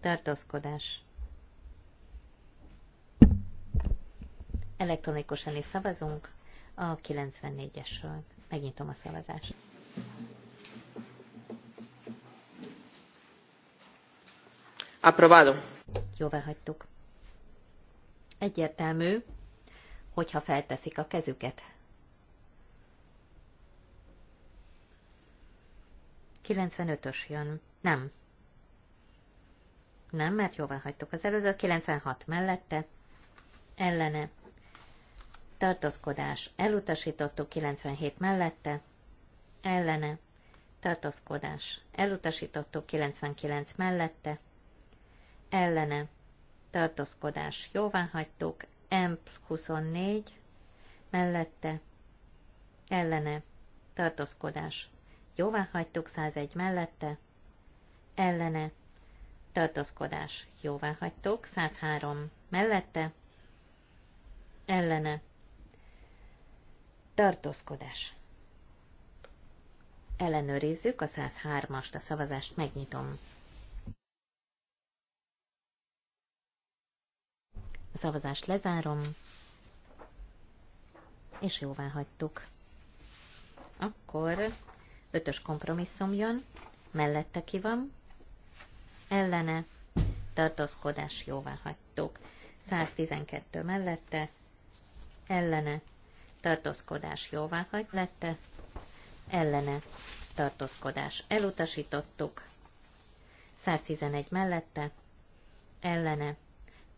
tartózkodás, elektronikusan is szavazunk a 94-esről. Megnyitom a szavazást. Aprobado. Jóvá hagytuk. Egyértelmű, hogyha felteszik a kezüket. 95-ös jön. Nem. Nem, mert jóvá hagytuk az előzőt. 96 mellette. Ellene tartózkodás elutasítottuk 97 mellette, ellene, tartózkodás elutasítottuk 99 mellette, ellene, tartózkodás jóvá hagytuk, EMP 24 mellette, ellene, tartózkodás jóvá hagytuk 101 mellette, ellene, tartózkodás jóvá hagytuk 103 mellette, ellene, tartózkodás. Ellenőrizzük a 103-ast, a szavazást megnyitom. A szavazást lezárom, és jóvá hagytuk. Akkor ötös kompromisszum jön, mellette ki van, ellene, tartózkodás jóvá hagytuk. 112 mellette, ellene, tartózkodás jóvá hagyta, ellene tartózkodás elutasítottuk, 111 mellette, ellene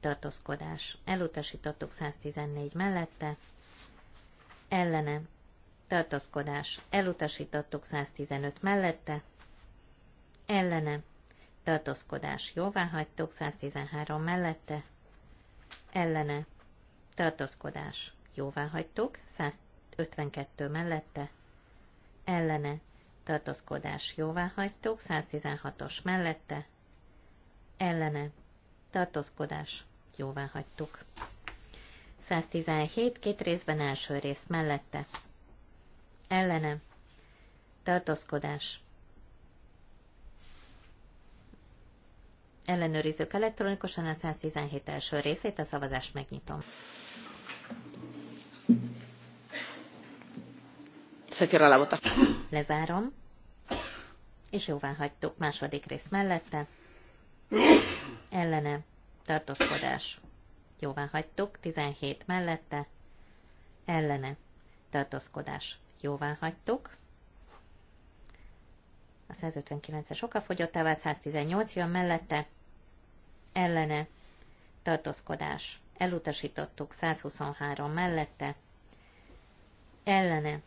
tartózkodás elutasítottuk, 114 mellette, ellene tartózkodás elutasítottuk, 115 mellette, ellene tartózkodás jóvá hagytuk, 113 mellette, ellene tartózkodás jóvá hagytuk, 152 mellette, ellene, tartózkodás jóvá hagytuk, 116-os mellette, ellene, tartózkodás jóvá hagytuk. 117 két részben első rész mellette, ellene, tartózkodás Ellenőrizzük elektronikusan a 117 első részét, a szavazást megnyitom. Se cierra la votación. Lezárom. És jóvá hagytuk második rész mellette. Ellene. Tartózkodás. Jóvá hagytuk. 17 mellette. Ellene. Tartózkodás. Jóvá hagytuk. A 159-es okafogyottá vált 118 jön mellette. Ellene. Tartózkodás. Elutasítottuk 123 mellette. Ellene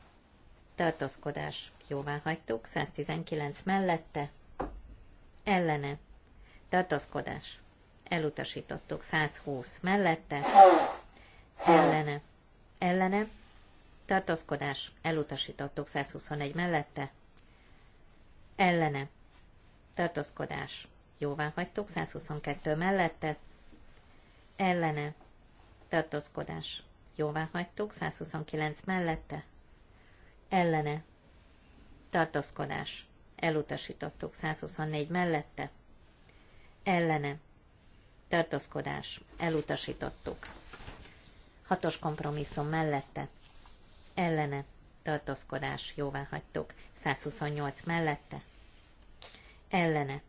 tartózkodás jóvá hagytuk, 119 mellette, ellene, tartózkodás, elutasítottuk, 120 mellette, ellene, ellene, tartózkodás, elutasítottuk, 121 mellette, ellene, tartózkodás, jóvá hagytuk, 122 mellette, ellene, tartózkodás, jóvá hagytuk, 129 mellette, ellene, Tartaszkodás. elutasítottuk 124 mellette, ellene, Tartaszkodás. elutasítottuk. Hatos kompromisszum mellette, ellene, Tartaszkodás. jóvá hagytuk, 128 mellette, ellene,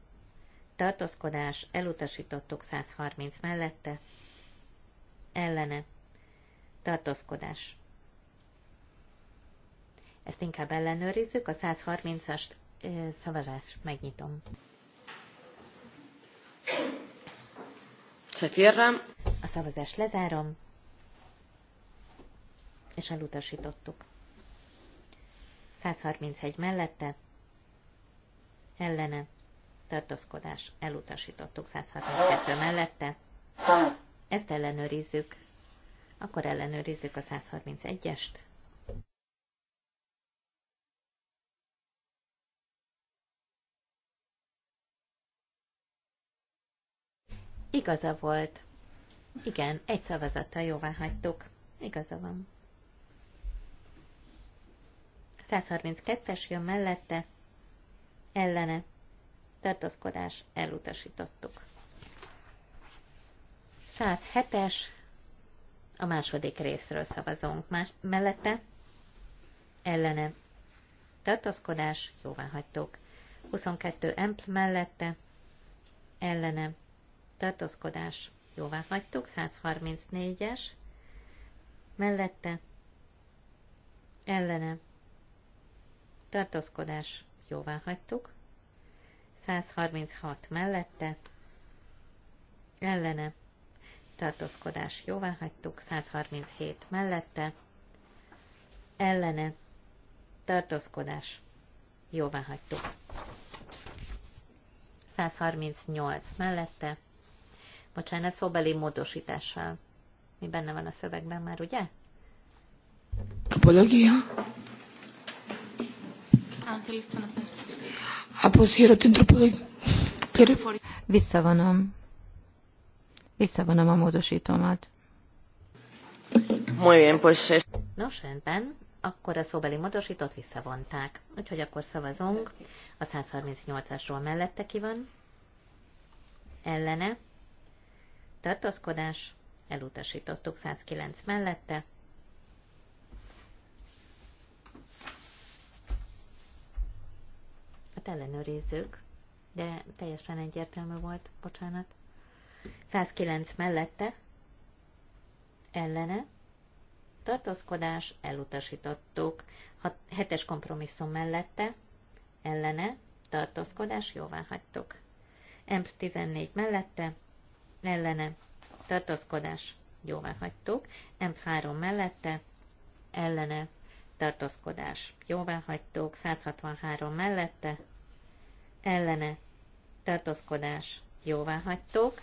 Tartaszkodás. elutasítottuk 130 mellette, ellene, Tartaszkodás. Ezt inkább ellenőrizzük. A 130-as szavazást. megnyitom. Se A szavazást lezárom, és elutasítottuk. 131 mellette, ellene, tartózkodás, elutasítottuk 132 mellette. Ezt ellenőrizzük. Akkor ellenőrizzük a 131-est. Igaza volt. Igen, egy szavazattal jóvá hagytuk. Igaza van. 132-es jön mellette, ellene, tartozkodás, elutasítottuk. 107-es, a második részről szavazunk más, mellette, ellene, tartozkodás, jóvá hagytuk. 22 empl mellette, ellene, tartózkodás jóvá hagytuk, 134-es, mellette, ellene, tartózkodás jóvá hagytuk, 136 mellette, ellene, tartózkodás jóvá hagytuk, 137 mellette, ellene, tartózkodás jóvá hagytuk. 138 mellette, bocsánat, szóbeli módosítással. Mi benne van a szövegben már, ugye? Apologia. Αποσύρω την Visszavonom. Visszavonom a módosítómat. Muy bien, pues es... Nos, rendben. Akkor a szóbeli módosítót visszavonták. Úgyhogy akkor szavazunk. A 138-asról mellette ki van? Ellene? tartózkodás, elutasítottuk 109 mellette, Hát ellenőrizzük, de teljesen egyértelmű volt, bocsánat. 109 mellette, ellene, tartózkodás, elutasítottuk. 7-es kompromisszum mellette, ellene, tartózkodás, jóvá hagytuk. M14 mellette, ellene, tartózkodás, jóvá hagytuk, M3 mellette, ellene, tartózkodás, jóvá hagytuk, 163 mellette, ellene, tartózkodás, jóvá hagytuk,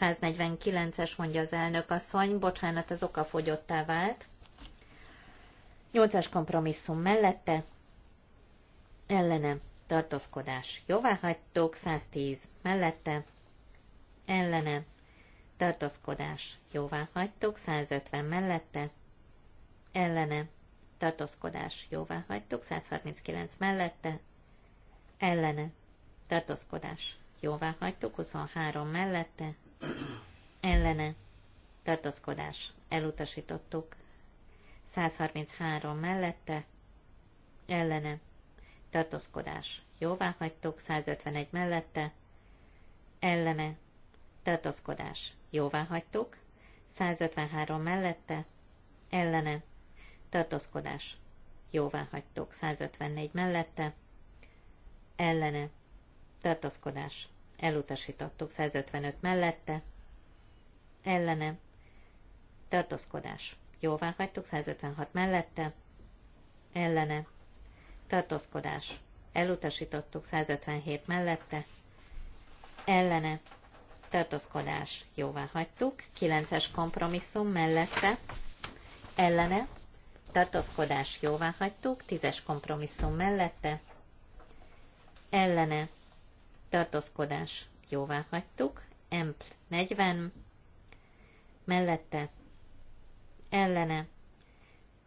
149-es mondja az elnök asszony, bocsánat, az oka fogyottá vált, 8-as kompromisszum mellette, ellene, tartózkodás, jóvá hagytuk, 110 mellette, ellene, tartózkodás, jóvá hagytuk, 150 mellette, ellene, tartózkodás, jóvá hagytuk, 139 mellette, ellene, tartózkodás, jóvá hagytuk, 23 mellette, ellene, tartózkodás, elutasítottuk, 133 mellette, ellene, tartózkodás, jóvá hagytuk, 151 mellette, ellene, tartózkodás, jóvá hagytuk, 153 mellette, ellene, tartózkodás, jóvá hagytuk, 154 mellette, ellene, tartózkodás, elutasítottuk, 155 mellette, ellene, tartózkodás, jóvá hagytuk, 156 mellette, ellene, tartózkodás, elutasítottuk, 157 mellette, ellene, tartózkodás jóvá hagytuk, 9-es kompromisszum mellette ellene tartózkodás jóvá hagytuk, 10-es kompromisszum mellette ellene tartózkodás jóvá hagytuk, EMP 40 mellette ellene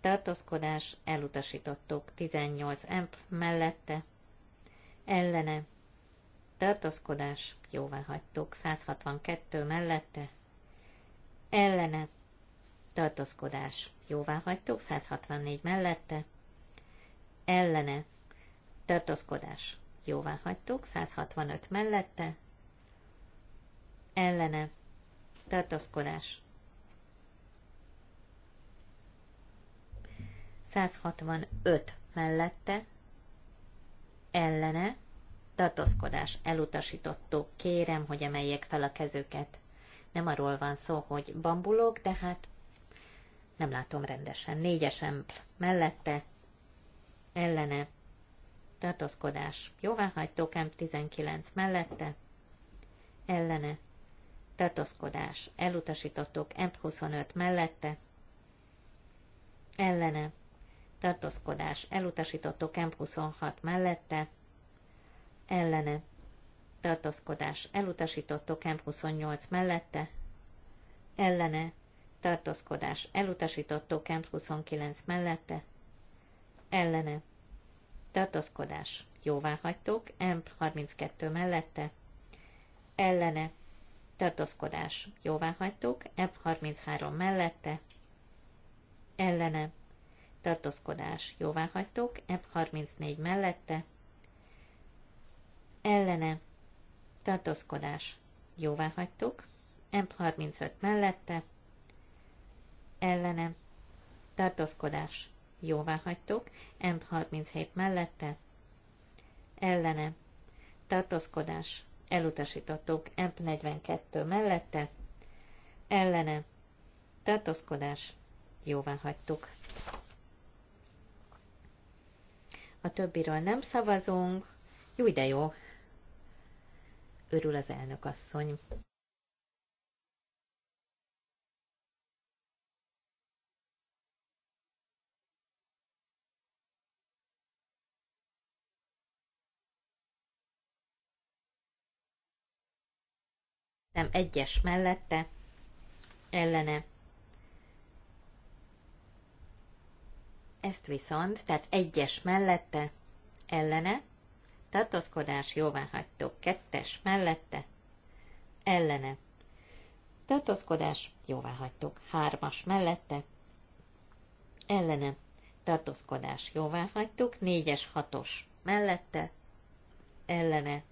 tartózkodás elutasítottuk, 18 EMP mellette ellene tartózkodás, jóvá hagytuk, 162 mellette, ellene, tartózkodás, jóvá hagytuk, 164 mellette, ellene, tartózkodás, jóvá hagytuk, 165 mellette, ellene, tartózkodás, 165 mellette, ellene, tartózkodás elutasítottuk, kérem, hogy emeljék fel a kezüket. Nem arról van szó, hogy bambulok, de hát nem látom rendesen. Négyes empl mellette, ellene, tartózkodás. Jóvá hagytok, 19 mellette, ellene, tartózkodás. Elutasítottuk, m 25 mellette, ellene, tartózkodás. Elutasítottuk, m 26 mellette, ellene tartózkodás elutasított M28 mellette ellene tartózkodás elutasított M29 mellette ellene tartózkodás jóváhagytók M32 mellette ellene tartózkodás jóváhagytók m 33 mellette ellene tartózkodás jóváhagytók m 34 mellette ellene tartózkodás jóvá hagytuk, M35 mellette ellene tartózkodás jóvá hagytuk, M37 mellette ellene tartózkodás elutasítottuk, M42 mellette ellene tartózkodás jóvá hagytuk. A többiről nem szavazunk. Jó, de jó, örül az elnök asszony. nem egyes mellette, ellene. Ezt viszont, tehát egyes mellette, ellene, tartózkodás, jóváhagytó Kettes mellette, ellene, tartózkodás, jóvá Hármas mellette, ellene, tartózkodás, jóvá Négyes, hatos mellette, ellene,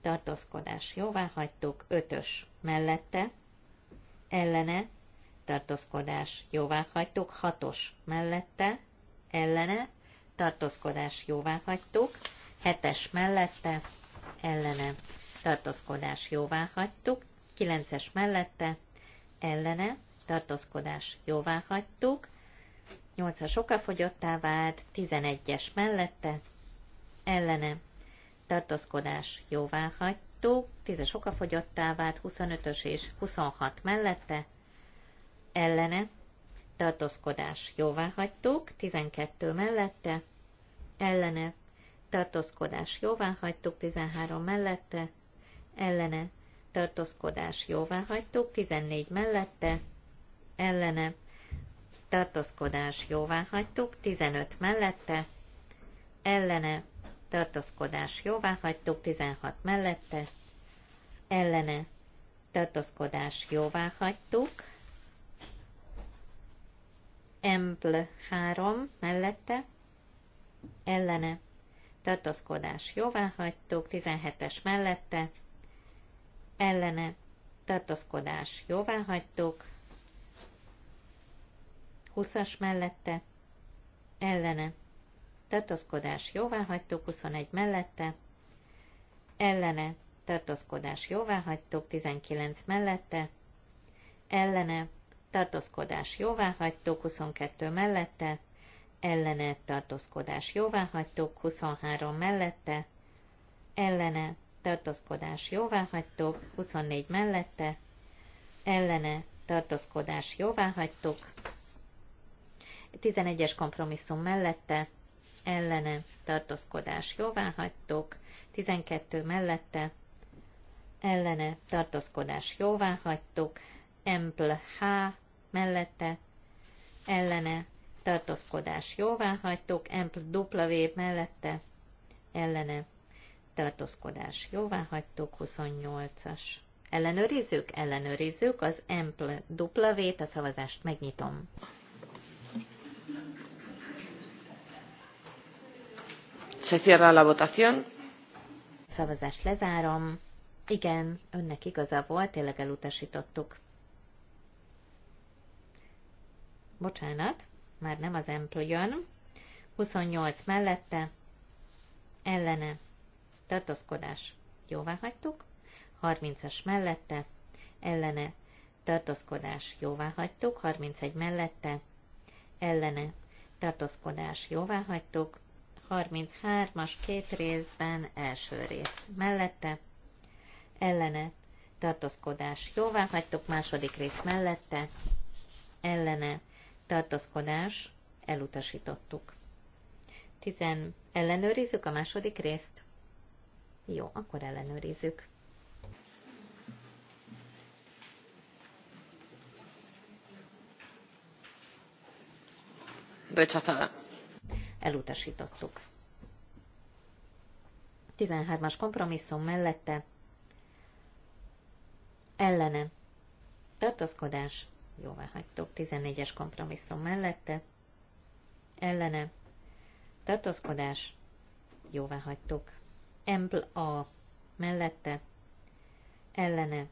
tartózkodás, jóvá Ötös mellette, ellene, tartózkodás, jóvá Hatos mellette, ellene, tartózkodás jóvá 7-es mellette, ellene, tartózkodás jóvá hagytuk, 9-es mellette, ellene, tartózkodás jóvá hagytuk, 8-as okafogyottá vált, 11-es mellette, ellene, tartózkodás jóvá hagytuk, 10-es okafogyottá vált, 25-ös és 26 mellette, ellene, tartózkodás jóvá hagytuk, 12 mellette, ellene, tartózkodás jóvá hagytuk, 13 mellette, ellene, tartózkodás jóvá hagytuk, 14 mellette, ellene, tartózkodás jóvá hagytuk, 15 mellette, ellene, tartózkodás jóvá hagytuk, 16 mellette, ellene, tartózkodás jóvá hagytuk, Empl 3 mellette, ellene, tartózkodás jóvá hagytuk, 17-es mellette, ellene, tartózkodás jóvá hagytuk, 20-as mellette, ellene, tartózkodás jóvá hagytuk, 21 mellette, ellene, tartózkodás jóvá hagytuk, 19 mellette, ellene, tartózkodás jóvá hagytuk, 22 mellette, ellene tartózkodás jóvá hagytuk, 23 mellette, ellene tartózkodás jóvá hagytuk, 24 mellette, ellene tartózkodás jóvá hagytuk, 11-es kompromisszum mellette, ellene tartózkodás jóvá hagytuk, 12 mellette, ellene tartózkodás jóvá hagytuk, empl H mellette, ellene tartózkodás jóvá hagytuk, W mellette ellene tartózkodás jóváhagytok 28-as. Ellenőrizzük, ellenőrizzük az W-t, a szavazást megnyitom. Se cierra la votación. Szavazást lezárom. Igen, önnek igaza volt, tényleg elutasítottuk. Bocsánat már nem az empl 28 mellette, ellene, tartózkodás, jóvá hagytuk, 30-as mellette, ellene, tartózkodás, jóvá hagytuk, 31 mellette, ellene, tartózkodás, jóvá hagytuk, 33-as két részben, első rész mellette, ellene, tartózkodás, jóvá hagytuk, második rész mellette, ellene, tartózkodás, elutasítottuk. Tizen, Ellenőrizzük a második részt? Jó, akkor ellenőrizzük. Böcsafala. Elutasítottuk. 13-as kompromisszum mellette ellene tartózkodás jóvá hagytok. 14-es kompromisszum mellette, ellene, tartózkodás, jóvá hagytok, Empl a mellette, ellene,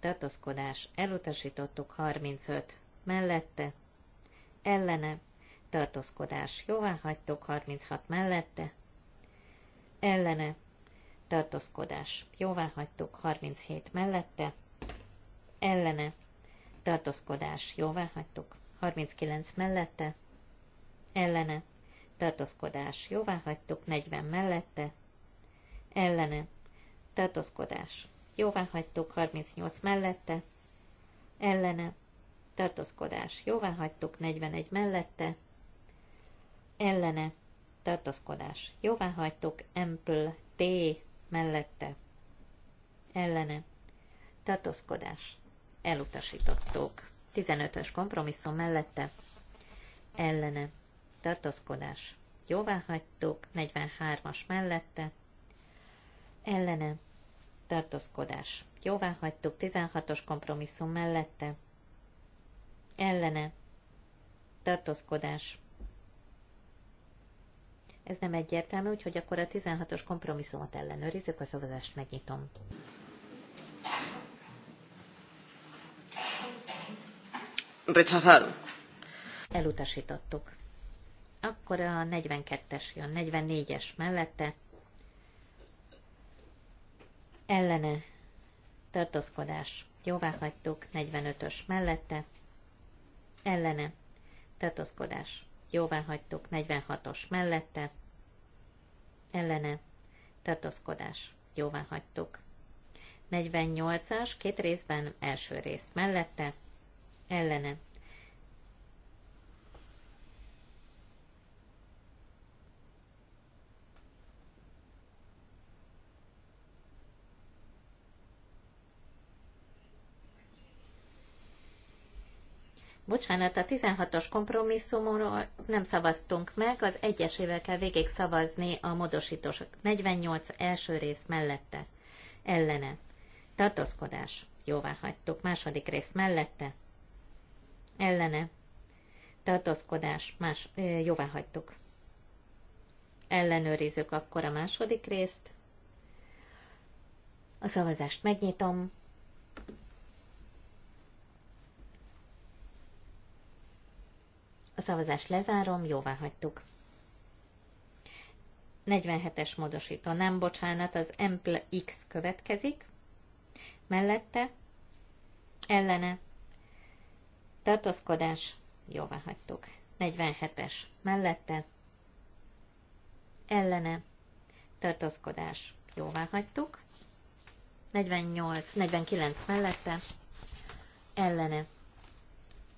tartózkodás, elutasítottuk 35, mellette, ellene, tartózkodás, jóvá hagytok 36 mellette, ellene, tartózkodás, jóvá hagytok 37 mellette, ellene, tartózkodás, jóvá hagytuk. 39 mellette, ellene, tartózkodás, jóvá hagytuk. 40 mellette, ellene, tartózkodás, jóvá hagytuk. 38 mellette, ellene, tartózkodás, jóvá hagytuk. 41 mellette, ellene, tartózkodás, jóvá hagytuk. Empl, T, mellette, ellene, tartózkodás, elutasítottuk. 15-ös kompromisszum mellette ellene tartózkodás. Jóvá hagytuk, 43-as mellette ellene tartózkodás. Jóvá hagytuk, 16-os kompromisszum mellette ellene tartózkodás. Ez nem egyértelmű, úgyhogy akkor a 16-os kompromisszumot ellenőrizzük, a szavazást megnyitom. Rechazado. Elutasítottuk. Akkor a 42-es jön, 44-es mellette. Ellene. Tartózkodás. Jóvá hagytuk. 45-ös mellette. Ellene. Tartózkodás. Jóvá hagytuk. 46-os mellette. Ellene. Tartózkodás. Jóvá hagytuk. 48-as, két részben, első rész mellette, ellene. Bocsánat, a 16-os kompromisszumról nem szavaztunk meg, az egyesével kell végig szavazni a modosítósok. 48 első rész mellette, ellene. Tartózkodás. Jóvá hagytuk. Második rész mellette, ellene, tartózkodás, más, jóvá hagytuk. Ellenőrizzük akkor a második részt. A szavazást megnyitom. A szavazást lezárom, jóvá hagytuk. 47-es módosító, nem bocsánat, az M X következik, mellette, ellene, tartózkodás, jóvá hagytuk. 47-es mellette, ellene, tartózkodás, jóvá hagytuk. 48, 49 mellette, ellene,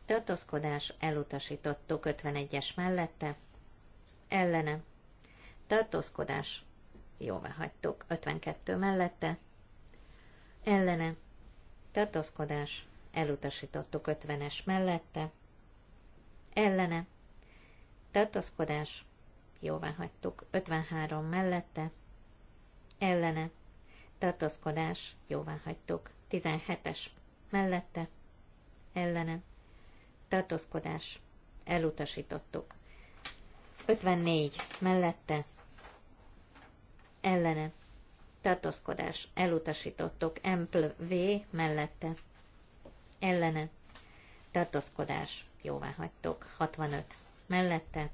tartózkodás, elutasítottuk. 51-es mellette, ellene, tartózkodás, jóvá hagytuk. 52 mellette, ellene, tartózkodás, elutasítottuk 50-es mellette, ellene, tartózkodás, jóvá hagytuk 53 mellette, ellene, tartózkodás, jóvá hagytuk 17-es mellette, ellene, tartózkodás, elutasítottuk 54 mellette, ellene, tartózkodás, elutasítottuk, empl v mellette, ellene, tartózkodás, jóvá hagytok, 65 mellette,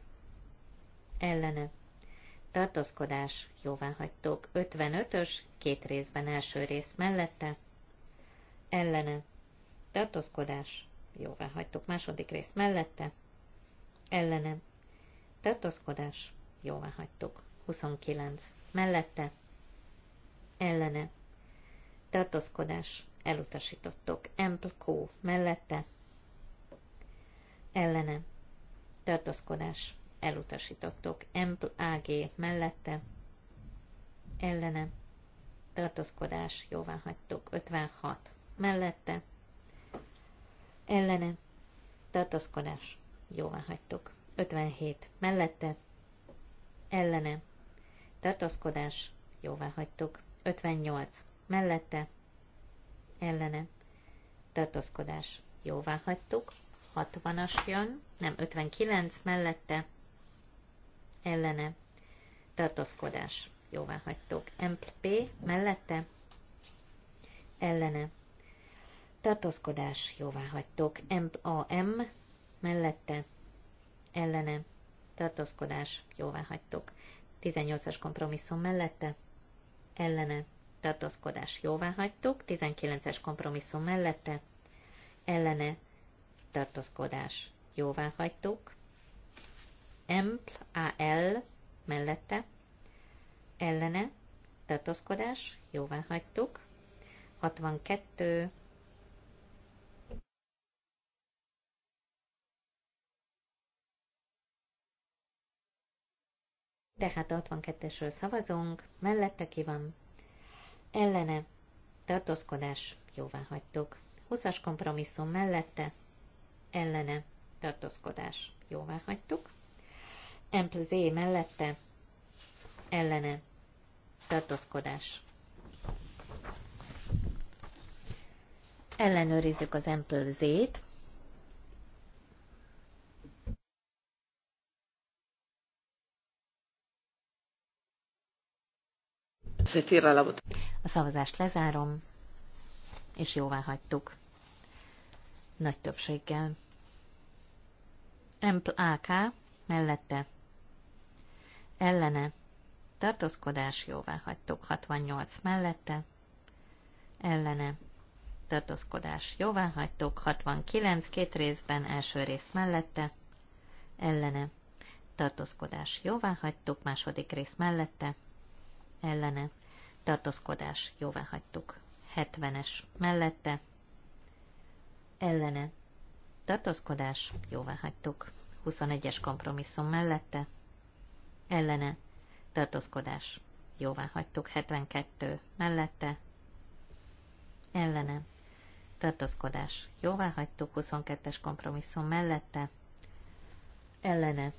ellene, tartózkodás, jóvá hagytok, 55-ös, két részben első rész mellette, ellene, tartózkodás, jóvá hagytok, második rész mellette, ellene, tartózkodás, jóvá hagytok, 29 mellette, ellene, tartózkodás, elutasítottok. Ample mellette ellene tartózkodás elutasítottok. Ample AG mellette ellene tartózkodás jóvá hagytok. 56 mellette ellene tartózkodás jóvá hagytok. 57 mellette ellene tartózkodás jóvá hagytok. 58 mellette ellene tartózkodás jóvá hagytuk, 60-as jön, nem 59 mellette ellene tartózkodás jóvá hagytuk, MP mellette ellene tartózkodás jóvá hagytuk, MAM mellette ellene tartózkodás jóvá hagytuk, 18-as kompromisszum mellette ellene tartózkodás jóvá hagytuk, 19-es kompromisszum mellette ellene tartózkodás jóvá hagytuk, empl AL mellette ellene tartózkodás jóvá hagytuk, 62 Tehát 62-esről szavazunk, mellette ki van, ellene, tartózkodás, jóvá hagytuk. 20 kompromisszum mellette, ellene, tartózkodás, jóvá hagytuk. M plusz E mellette, ellene, tartózkodás. Ellenőrizzük az M plusz Z-t. A szavazást lezárom, és jóvá hagytuk. Nagy többséggel. Empl AK mellette. Ellene. Tartózkodás jóvá hagytuk. 68 mellette. Ellene. Tartózkodás jóvá hagytuk. 69 két részben első rész mellette. Ellene. Tartózkodás jóvá hagytuk. Második rész mellette. Ellene tartózkodás, jóvá hagytuk. 70-es mellette, ellene, tartózkodás, jóvá hagytuk. 21-es kompromisszum mellette, ellene, tartózkodás, jóvá hagytuk. 72 mellette, ellene, tartózkodás, jóvá hagytuk. 22-es kompromisszum mellette, ellene,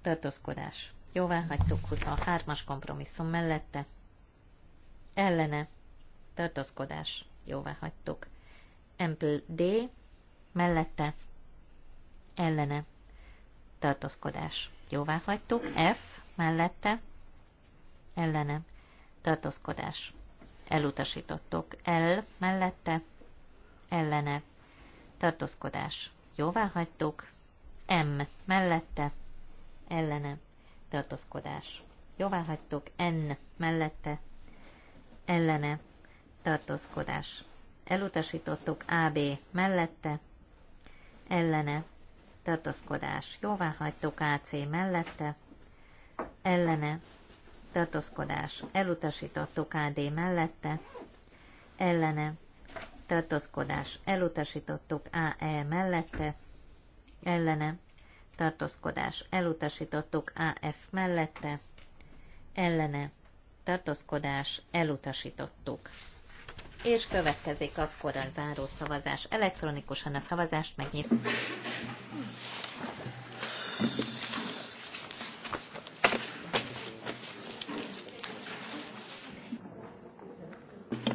tartózkodás, jóvá hagytuk. 23-as kompromisszum mellette, ellene, tartózkodás, jóvá hagytuk. Empl D, mellette, ellene, tartózkodás, jóvá hagytuk. F, mellette, ellene, tartózkodás, elutasítottuk. L, mellette, ellene, tartózkodás, jóvá hagytuk. M, mellette, ellene, tartózkodás, jóvá hagytuk. N, mellette, ellene tartózkodás. Elutasítottuk AB mellette, ellene tartózkodás. Jóvá hagytuk AC mellette, ellene tartózkodás. Elutasítottuk AD mellette, ellene tartózkodás. Elutasítottuk AE mellette, ellene tartózkodás. Elutasítottuk AF mellette, ellene tartózkodás, elutasítottuk. És következik akkor a záró szavazás. Elektronikusan a szavazást megnyit.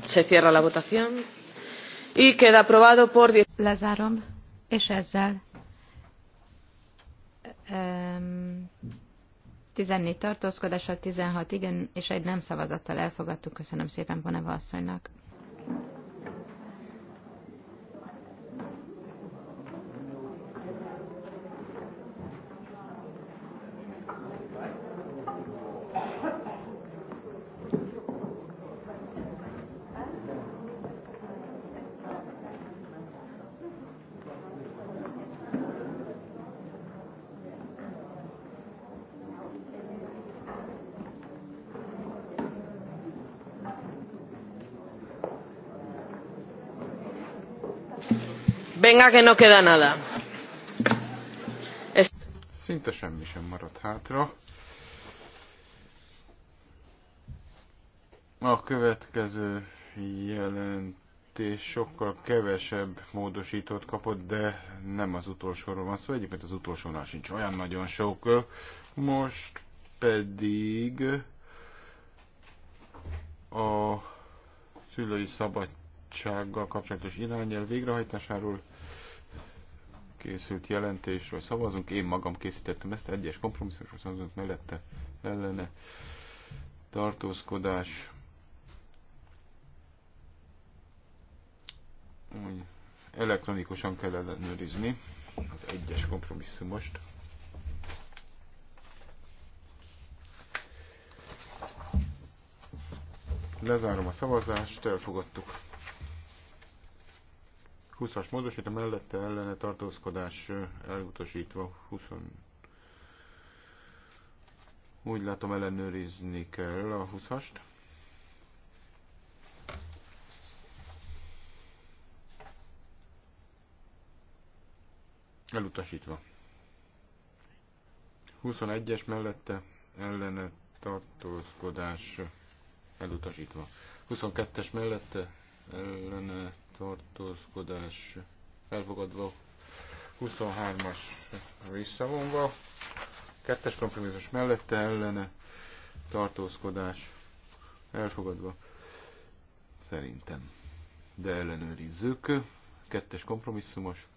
Se cierra la votación. Y queda aprobado por... Lezárom, és ezzel um, 14 tartózkodással, 16 igen és egy nem szavazattal elfogadtuk. Köszönöm szépen Poneva asszonynak. venga que no queda nada. Es... Szinte semmi sem maradt hátra. A következő jelentés sokkal kevesebb módosítót kapott, de nem az utolsóról van szó, szóval egyébként az utolsónál sincs olyan nagyon sok. Most pedig a szülői szabadsággal kapcsolatos irányel végrehajtásáról készült jelentésről szavazunk. Én magam készítettem ezt, egyes kompromisszumról szavazunk mellette ellene. Tartózkodás. Úgy elektronikusan kell ellenőrizni az egyes kompromisszumost. Lezárom a szavazást, elfogadtuk. 20-as a mellette ellene tartózkodás elutasítva 20 úgy látom ellenőrizni kell a 20-ast. Elutasítva. 21-es mellette ellene tartózkodás elutasítva. 22-es mellette ellene tartózkodás elfogadva, 23-as visszavonva, kettes kompromisszus mellette ellene tartózkodás elfogadva, szerintem. De ellenőrizzük, kettes kompromisszumos.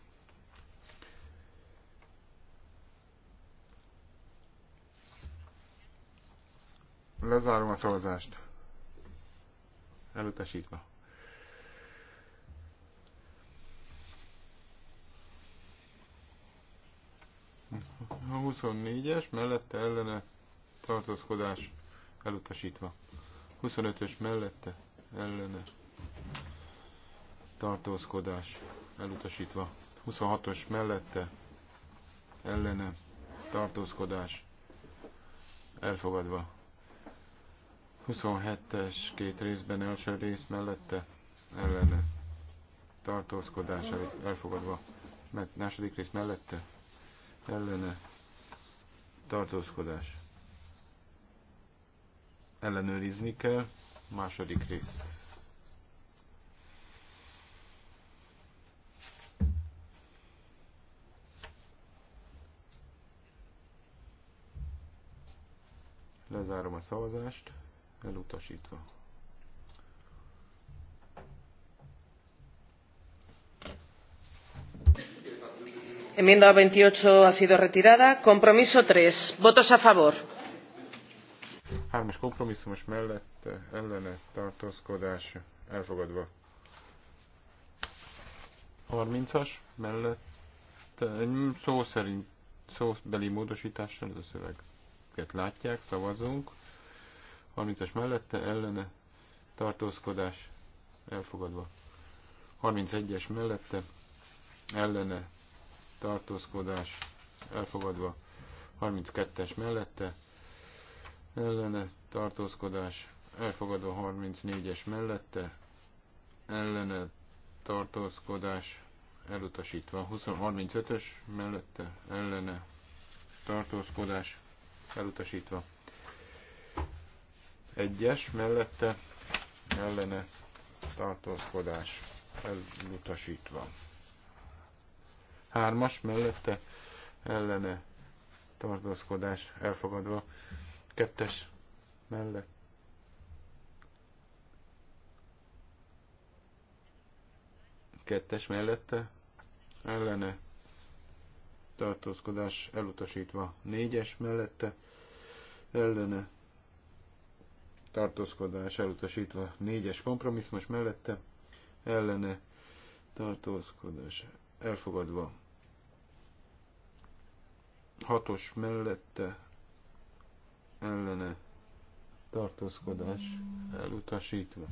Lezárom a szavazást. Elutasítva. A 24-es mellette ellene tartózkodás elutasítva. 25-ös mellette ellene tartózkodás elutasítva. 26-os mellette ellene tartózkodás elfogadva. 27-es két részben első rész mellette ellene tartózkodás elfogadva. Mert második rész mellette ellene tartózkodás. Ellenőrizni kell, második részt. Lezárom a szavazást, elutasítva. enmienda veintiocho ha sido retirada. compromiso tres votos a favor. hármas kompromisszumos mellett ellene tartózkodás elfogadva. 30-as mellett szó szerint szóbeli módosítással ez a szöveget látják, szavazunk. 30-as mellette ellene tartózkodás elfogadva. 31-es mellette ellene tartózkodás elfogadva 32-es mellette, ellene tartózkodás elfogadva 34-es mellette, ellene tartózkodás elutasítva 35-ös mellette, ellene tartózkodás elutasítva 1-es mellette, ellene tartózkodás elutasítva. Hármas mellette ellene tartózkodás elfogadva. Kettes mellett. Kettes mellette ellene tartózkodás elutasítva. Négyes mellette ellene tartózkodás elutasítva. Négyes kompromisszmus mellette ellene tartózkodás elfogadva. Hatos mellette ellene tartózkodás elutasítva.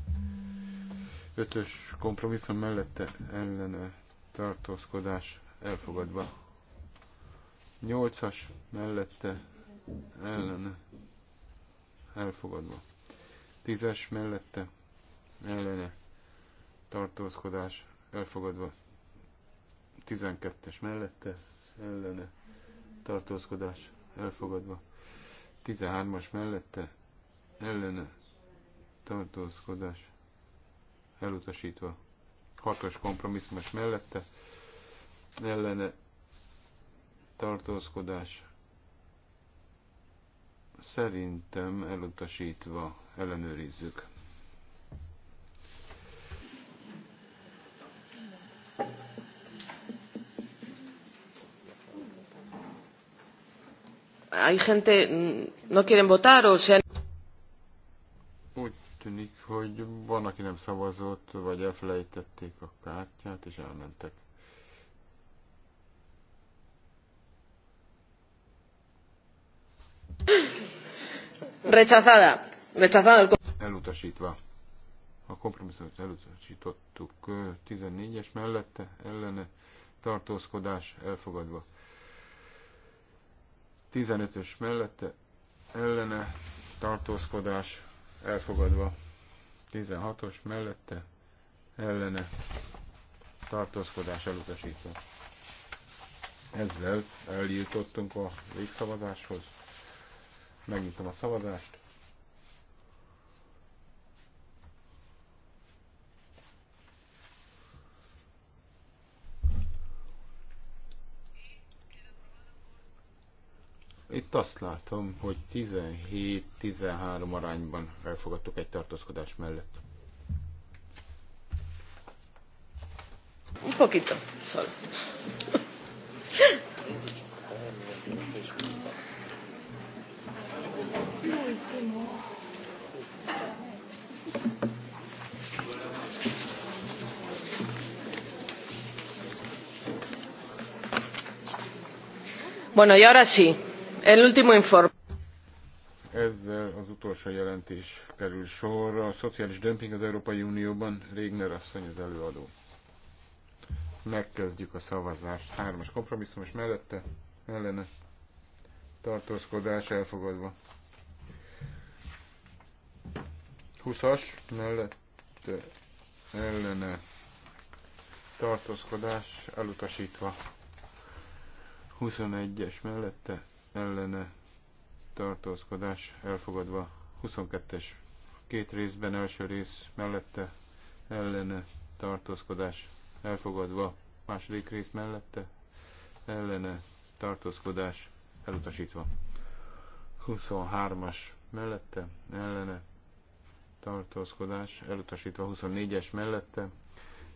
Ötös kompromisszum mellette ellene tartózkodás elfogadva. Nyolcas mellette ellene elfogadva. Tízes mellette ellene tartózkodás elfogadva. Tizenkettes mellette ellene tartózkodás elfogadva. 13-as mellette ellene tartózkodás elutasítva. 6-os kompromisszumos mellette ellene tartózkodás szerintem elutasítva ellenőrizzük. hay gente mm, no quieren votar o se tűnik, hogy van, aki nem szavazott, vagy elfelejtették a kártyát, és elmentek. Rechazada. Rechazada. Elutasítva. A kompromisszumot elutasítottuk 14-es mellette, ellene tartózkodás elfogadva. 15-ös mellette ellene tartózkodás elfogadva. 16-os mellette ellene tartózkodás elutasítva. Ezzel eljutottunk a végszavazáshoz. Megnyitom a szavazást. Itt azt látom, hogy 17-13 arányban elfogadtuk egy tartózkodás mellett. Un poquito, solo. Bueno, y ahora sí. El último informe. Ezzel az utolsó jelentés kerül sorra. A szociális dömping az Európai Unióban. Régner asszony az előadó. Megkezdjük a szavazást. Hármas és mellette, ellene. Tartózkodás elfogadva. 20-as mellette ellene tartózkodás elutasítva. 21-es mellette ellene tartózkodás elfogadva. 22-es két részben első rész mellette ellene tartózkodás elfogadva. Második rész mellette ellene tartózkodás elutasítva. 23-as mellette ellene tartózkodás elutasítva. 24-es mellette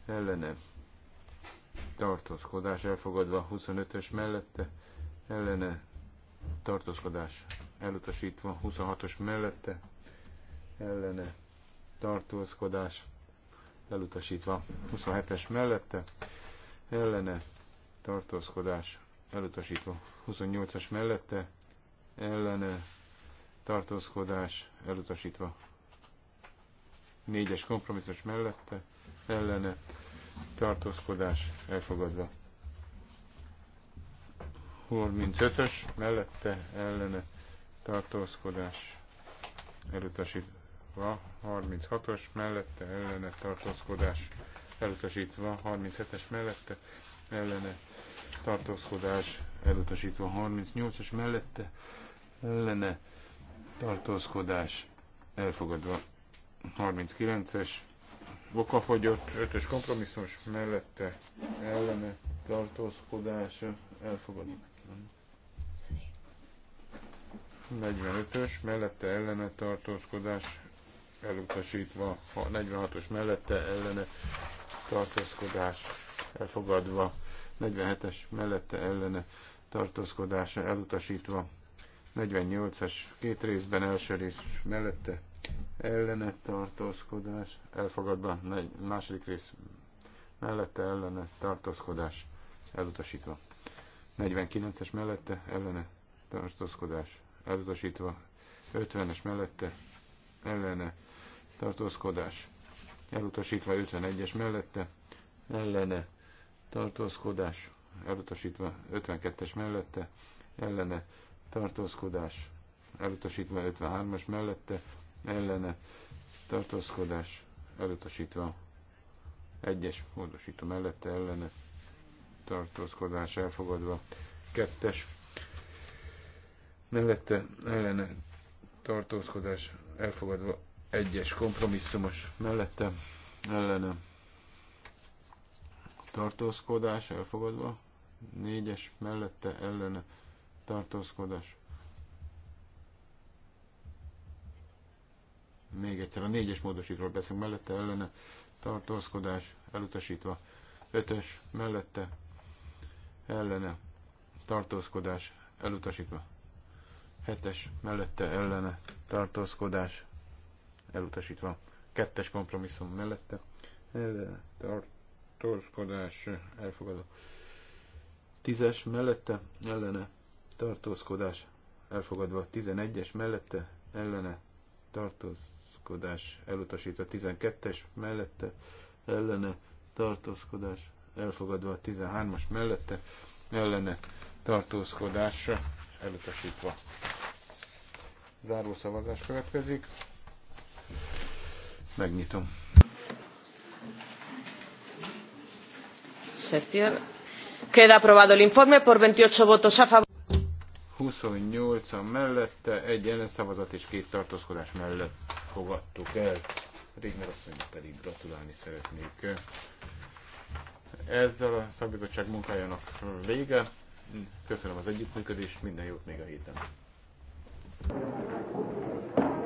ellene tartózkodás elfogadva. 25-ös mellette ellene tartózkodás elutasítva, 26-os mellette ellene tartózkodás elutasítva, 27-es mellette ellene tartózkodás elutasítva, 28-as mellette ellene tartózkodás elutasítva, 4-es kompromisszus mellette ellene tartózkodás elfogadva. 35-ös mellette ellene tartózkodás elutasítva, 36-os mellette ellene tartózkodás elutasítva, 37-es mellette ellene tartózkodás elutasítva, 38 os mellette ellene tartózkodás elfogadva, 39-es bokafogyott, 5-ös kompromisszus, mellette ellene tartózkodás elfogadva. 45-ös mellette ellene tartózkodás elutasítva, 46-os mellette ellene tartózkodás elfogadva, 47-es mellette ellene tartózkodása elutasítva, 48 es két részben első rész mellette ellene tartózkodás elfogadva, második rész mellette ellene tartózkodás elutasítva. 49-es mellette ellene tartózkodás elutasítva, 50-es mellette ellene tartózkodás elutasítva, 51-es mellette ellene tartózkodás elutasítva, 52-es mellette ellene tartózkodás elutasítva, 53-as mellette ellene tartózkodás elutasítva, 1-es módosító mellette ellene tartózkodás elfogadva. Kettes mellette ellene tartózkodás elfogadva. Egyes kompromisszumos mellette ellene tartózkodás elfogadva. Négyes mellette ellene tartózkodás még egyszer a négyes módosítról beszélünk mellette, ellene tartózkodás elutasítva, ötös mellette ellene tartózkodás elutasítva. 7-es mellette ellene tartózkodás elutasítva. 2-es kompromisszum mellette ellene tartózkodás elfogadó. 10-es mellette ellene tartózkodás elfogadva. 11-es mellette ellene tartózkodás elutasítva. 12-es mellette ellene tartózkodás elfogadva a 13-as mellette, ellene tartózkodás elutasítva. Záró szavazás következik. Megnyitom. Se Queda aprobado el informe por 28 votos a favor. 28 a mellette, egy ellenszavazat és két tartózkodás mellett fogadtuk el. Régner asszonynak pedig gratulálni szeretnék. Ezzel a szakbizottság munkájának vége. Köszönöm az együttműködést, minden jót még a héten.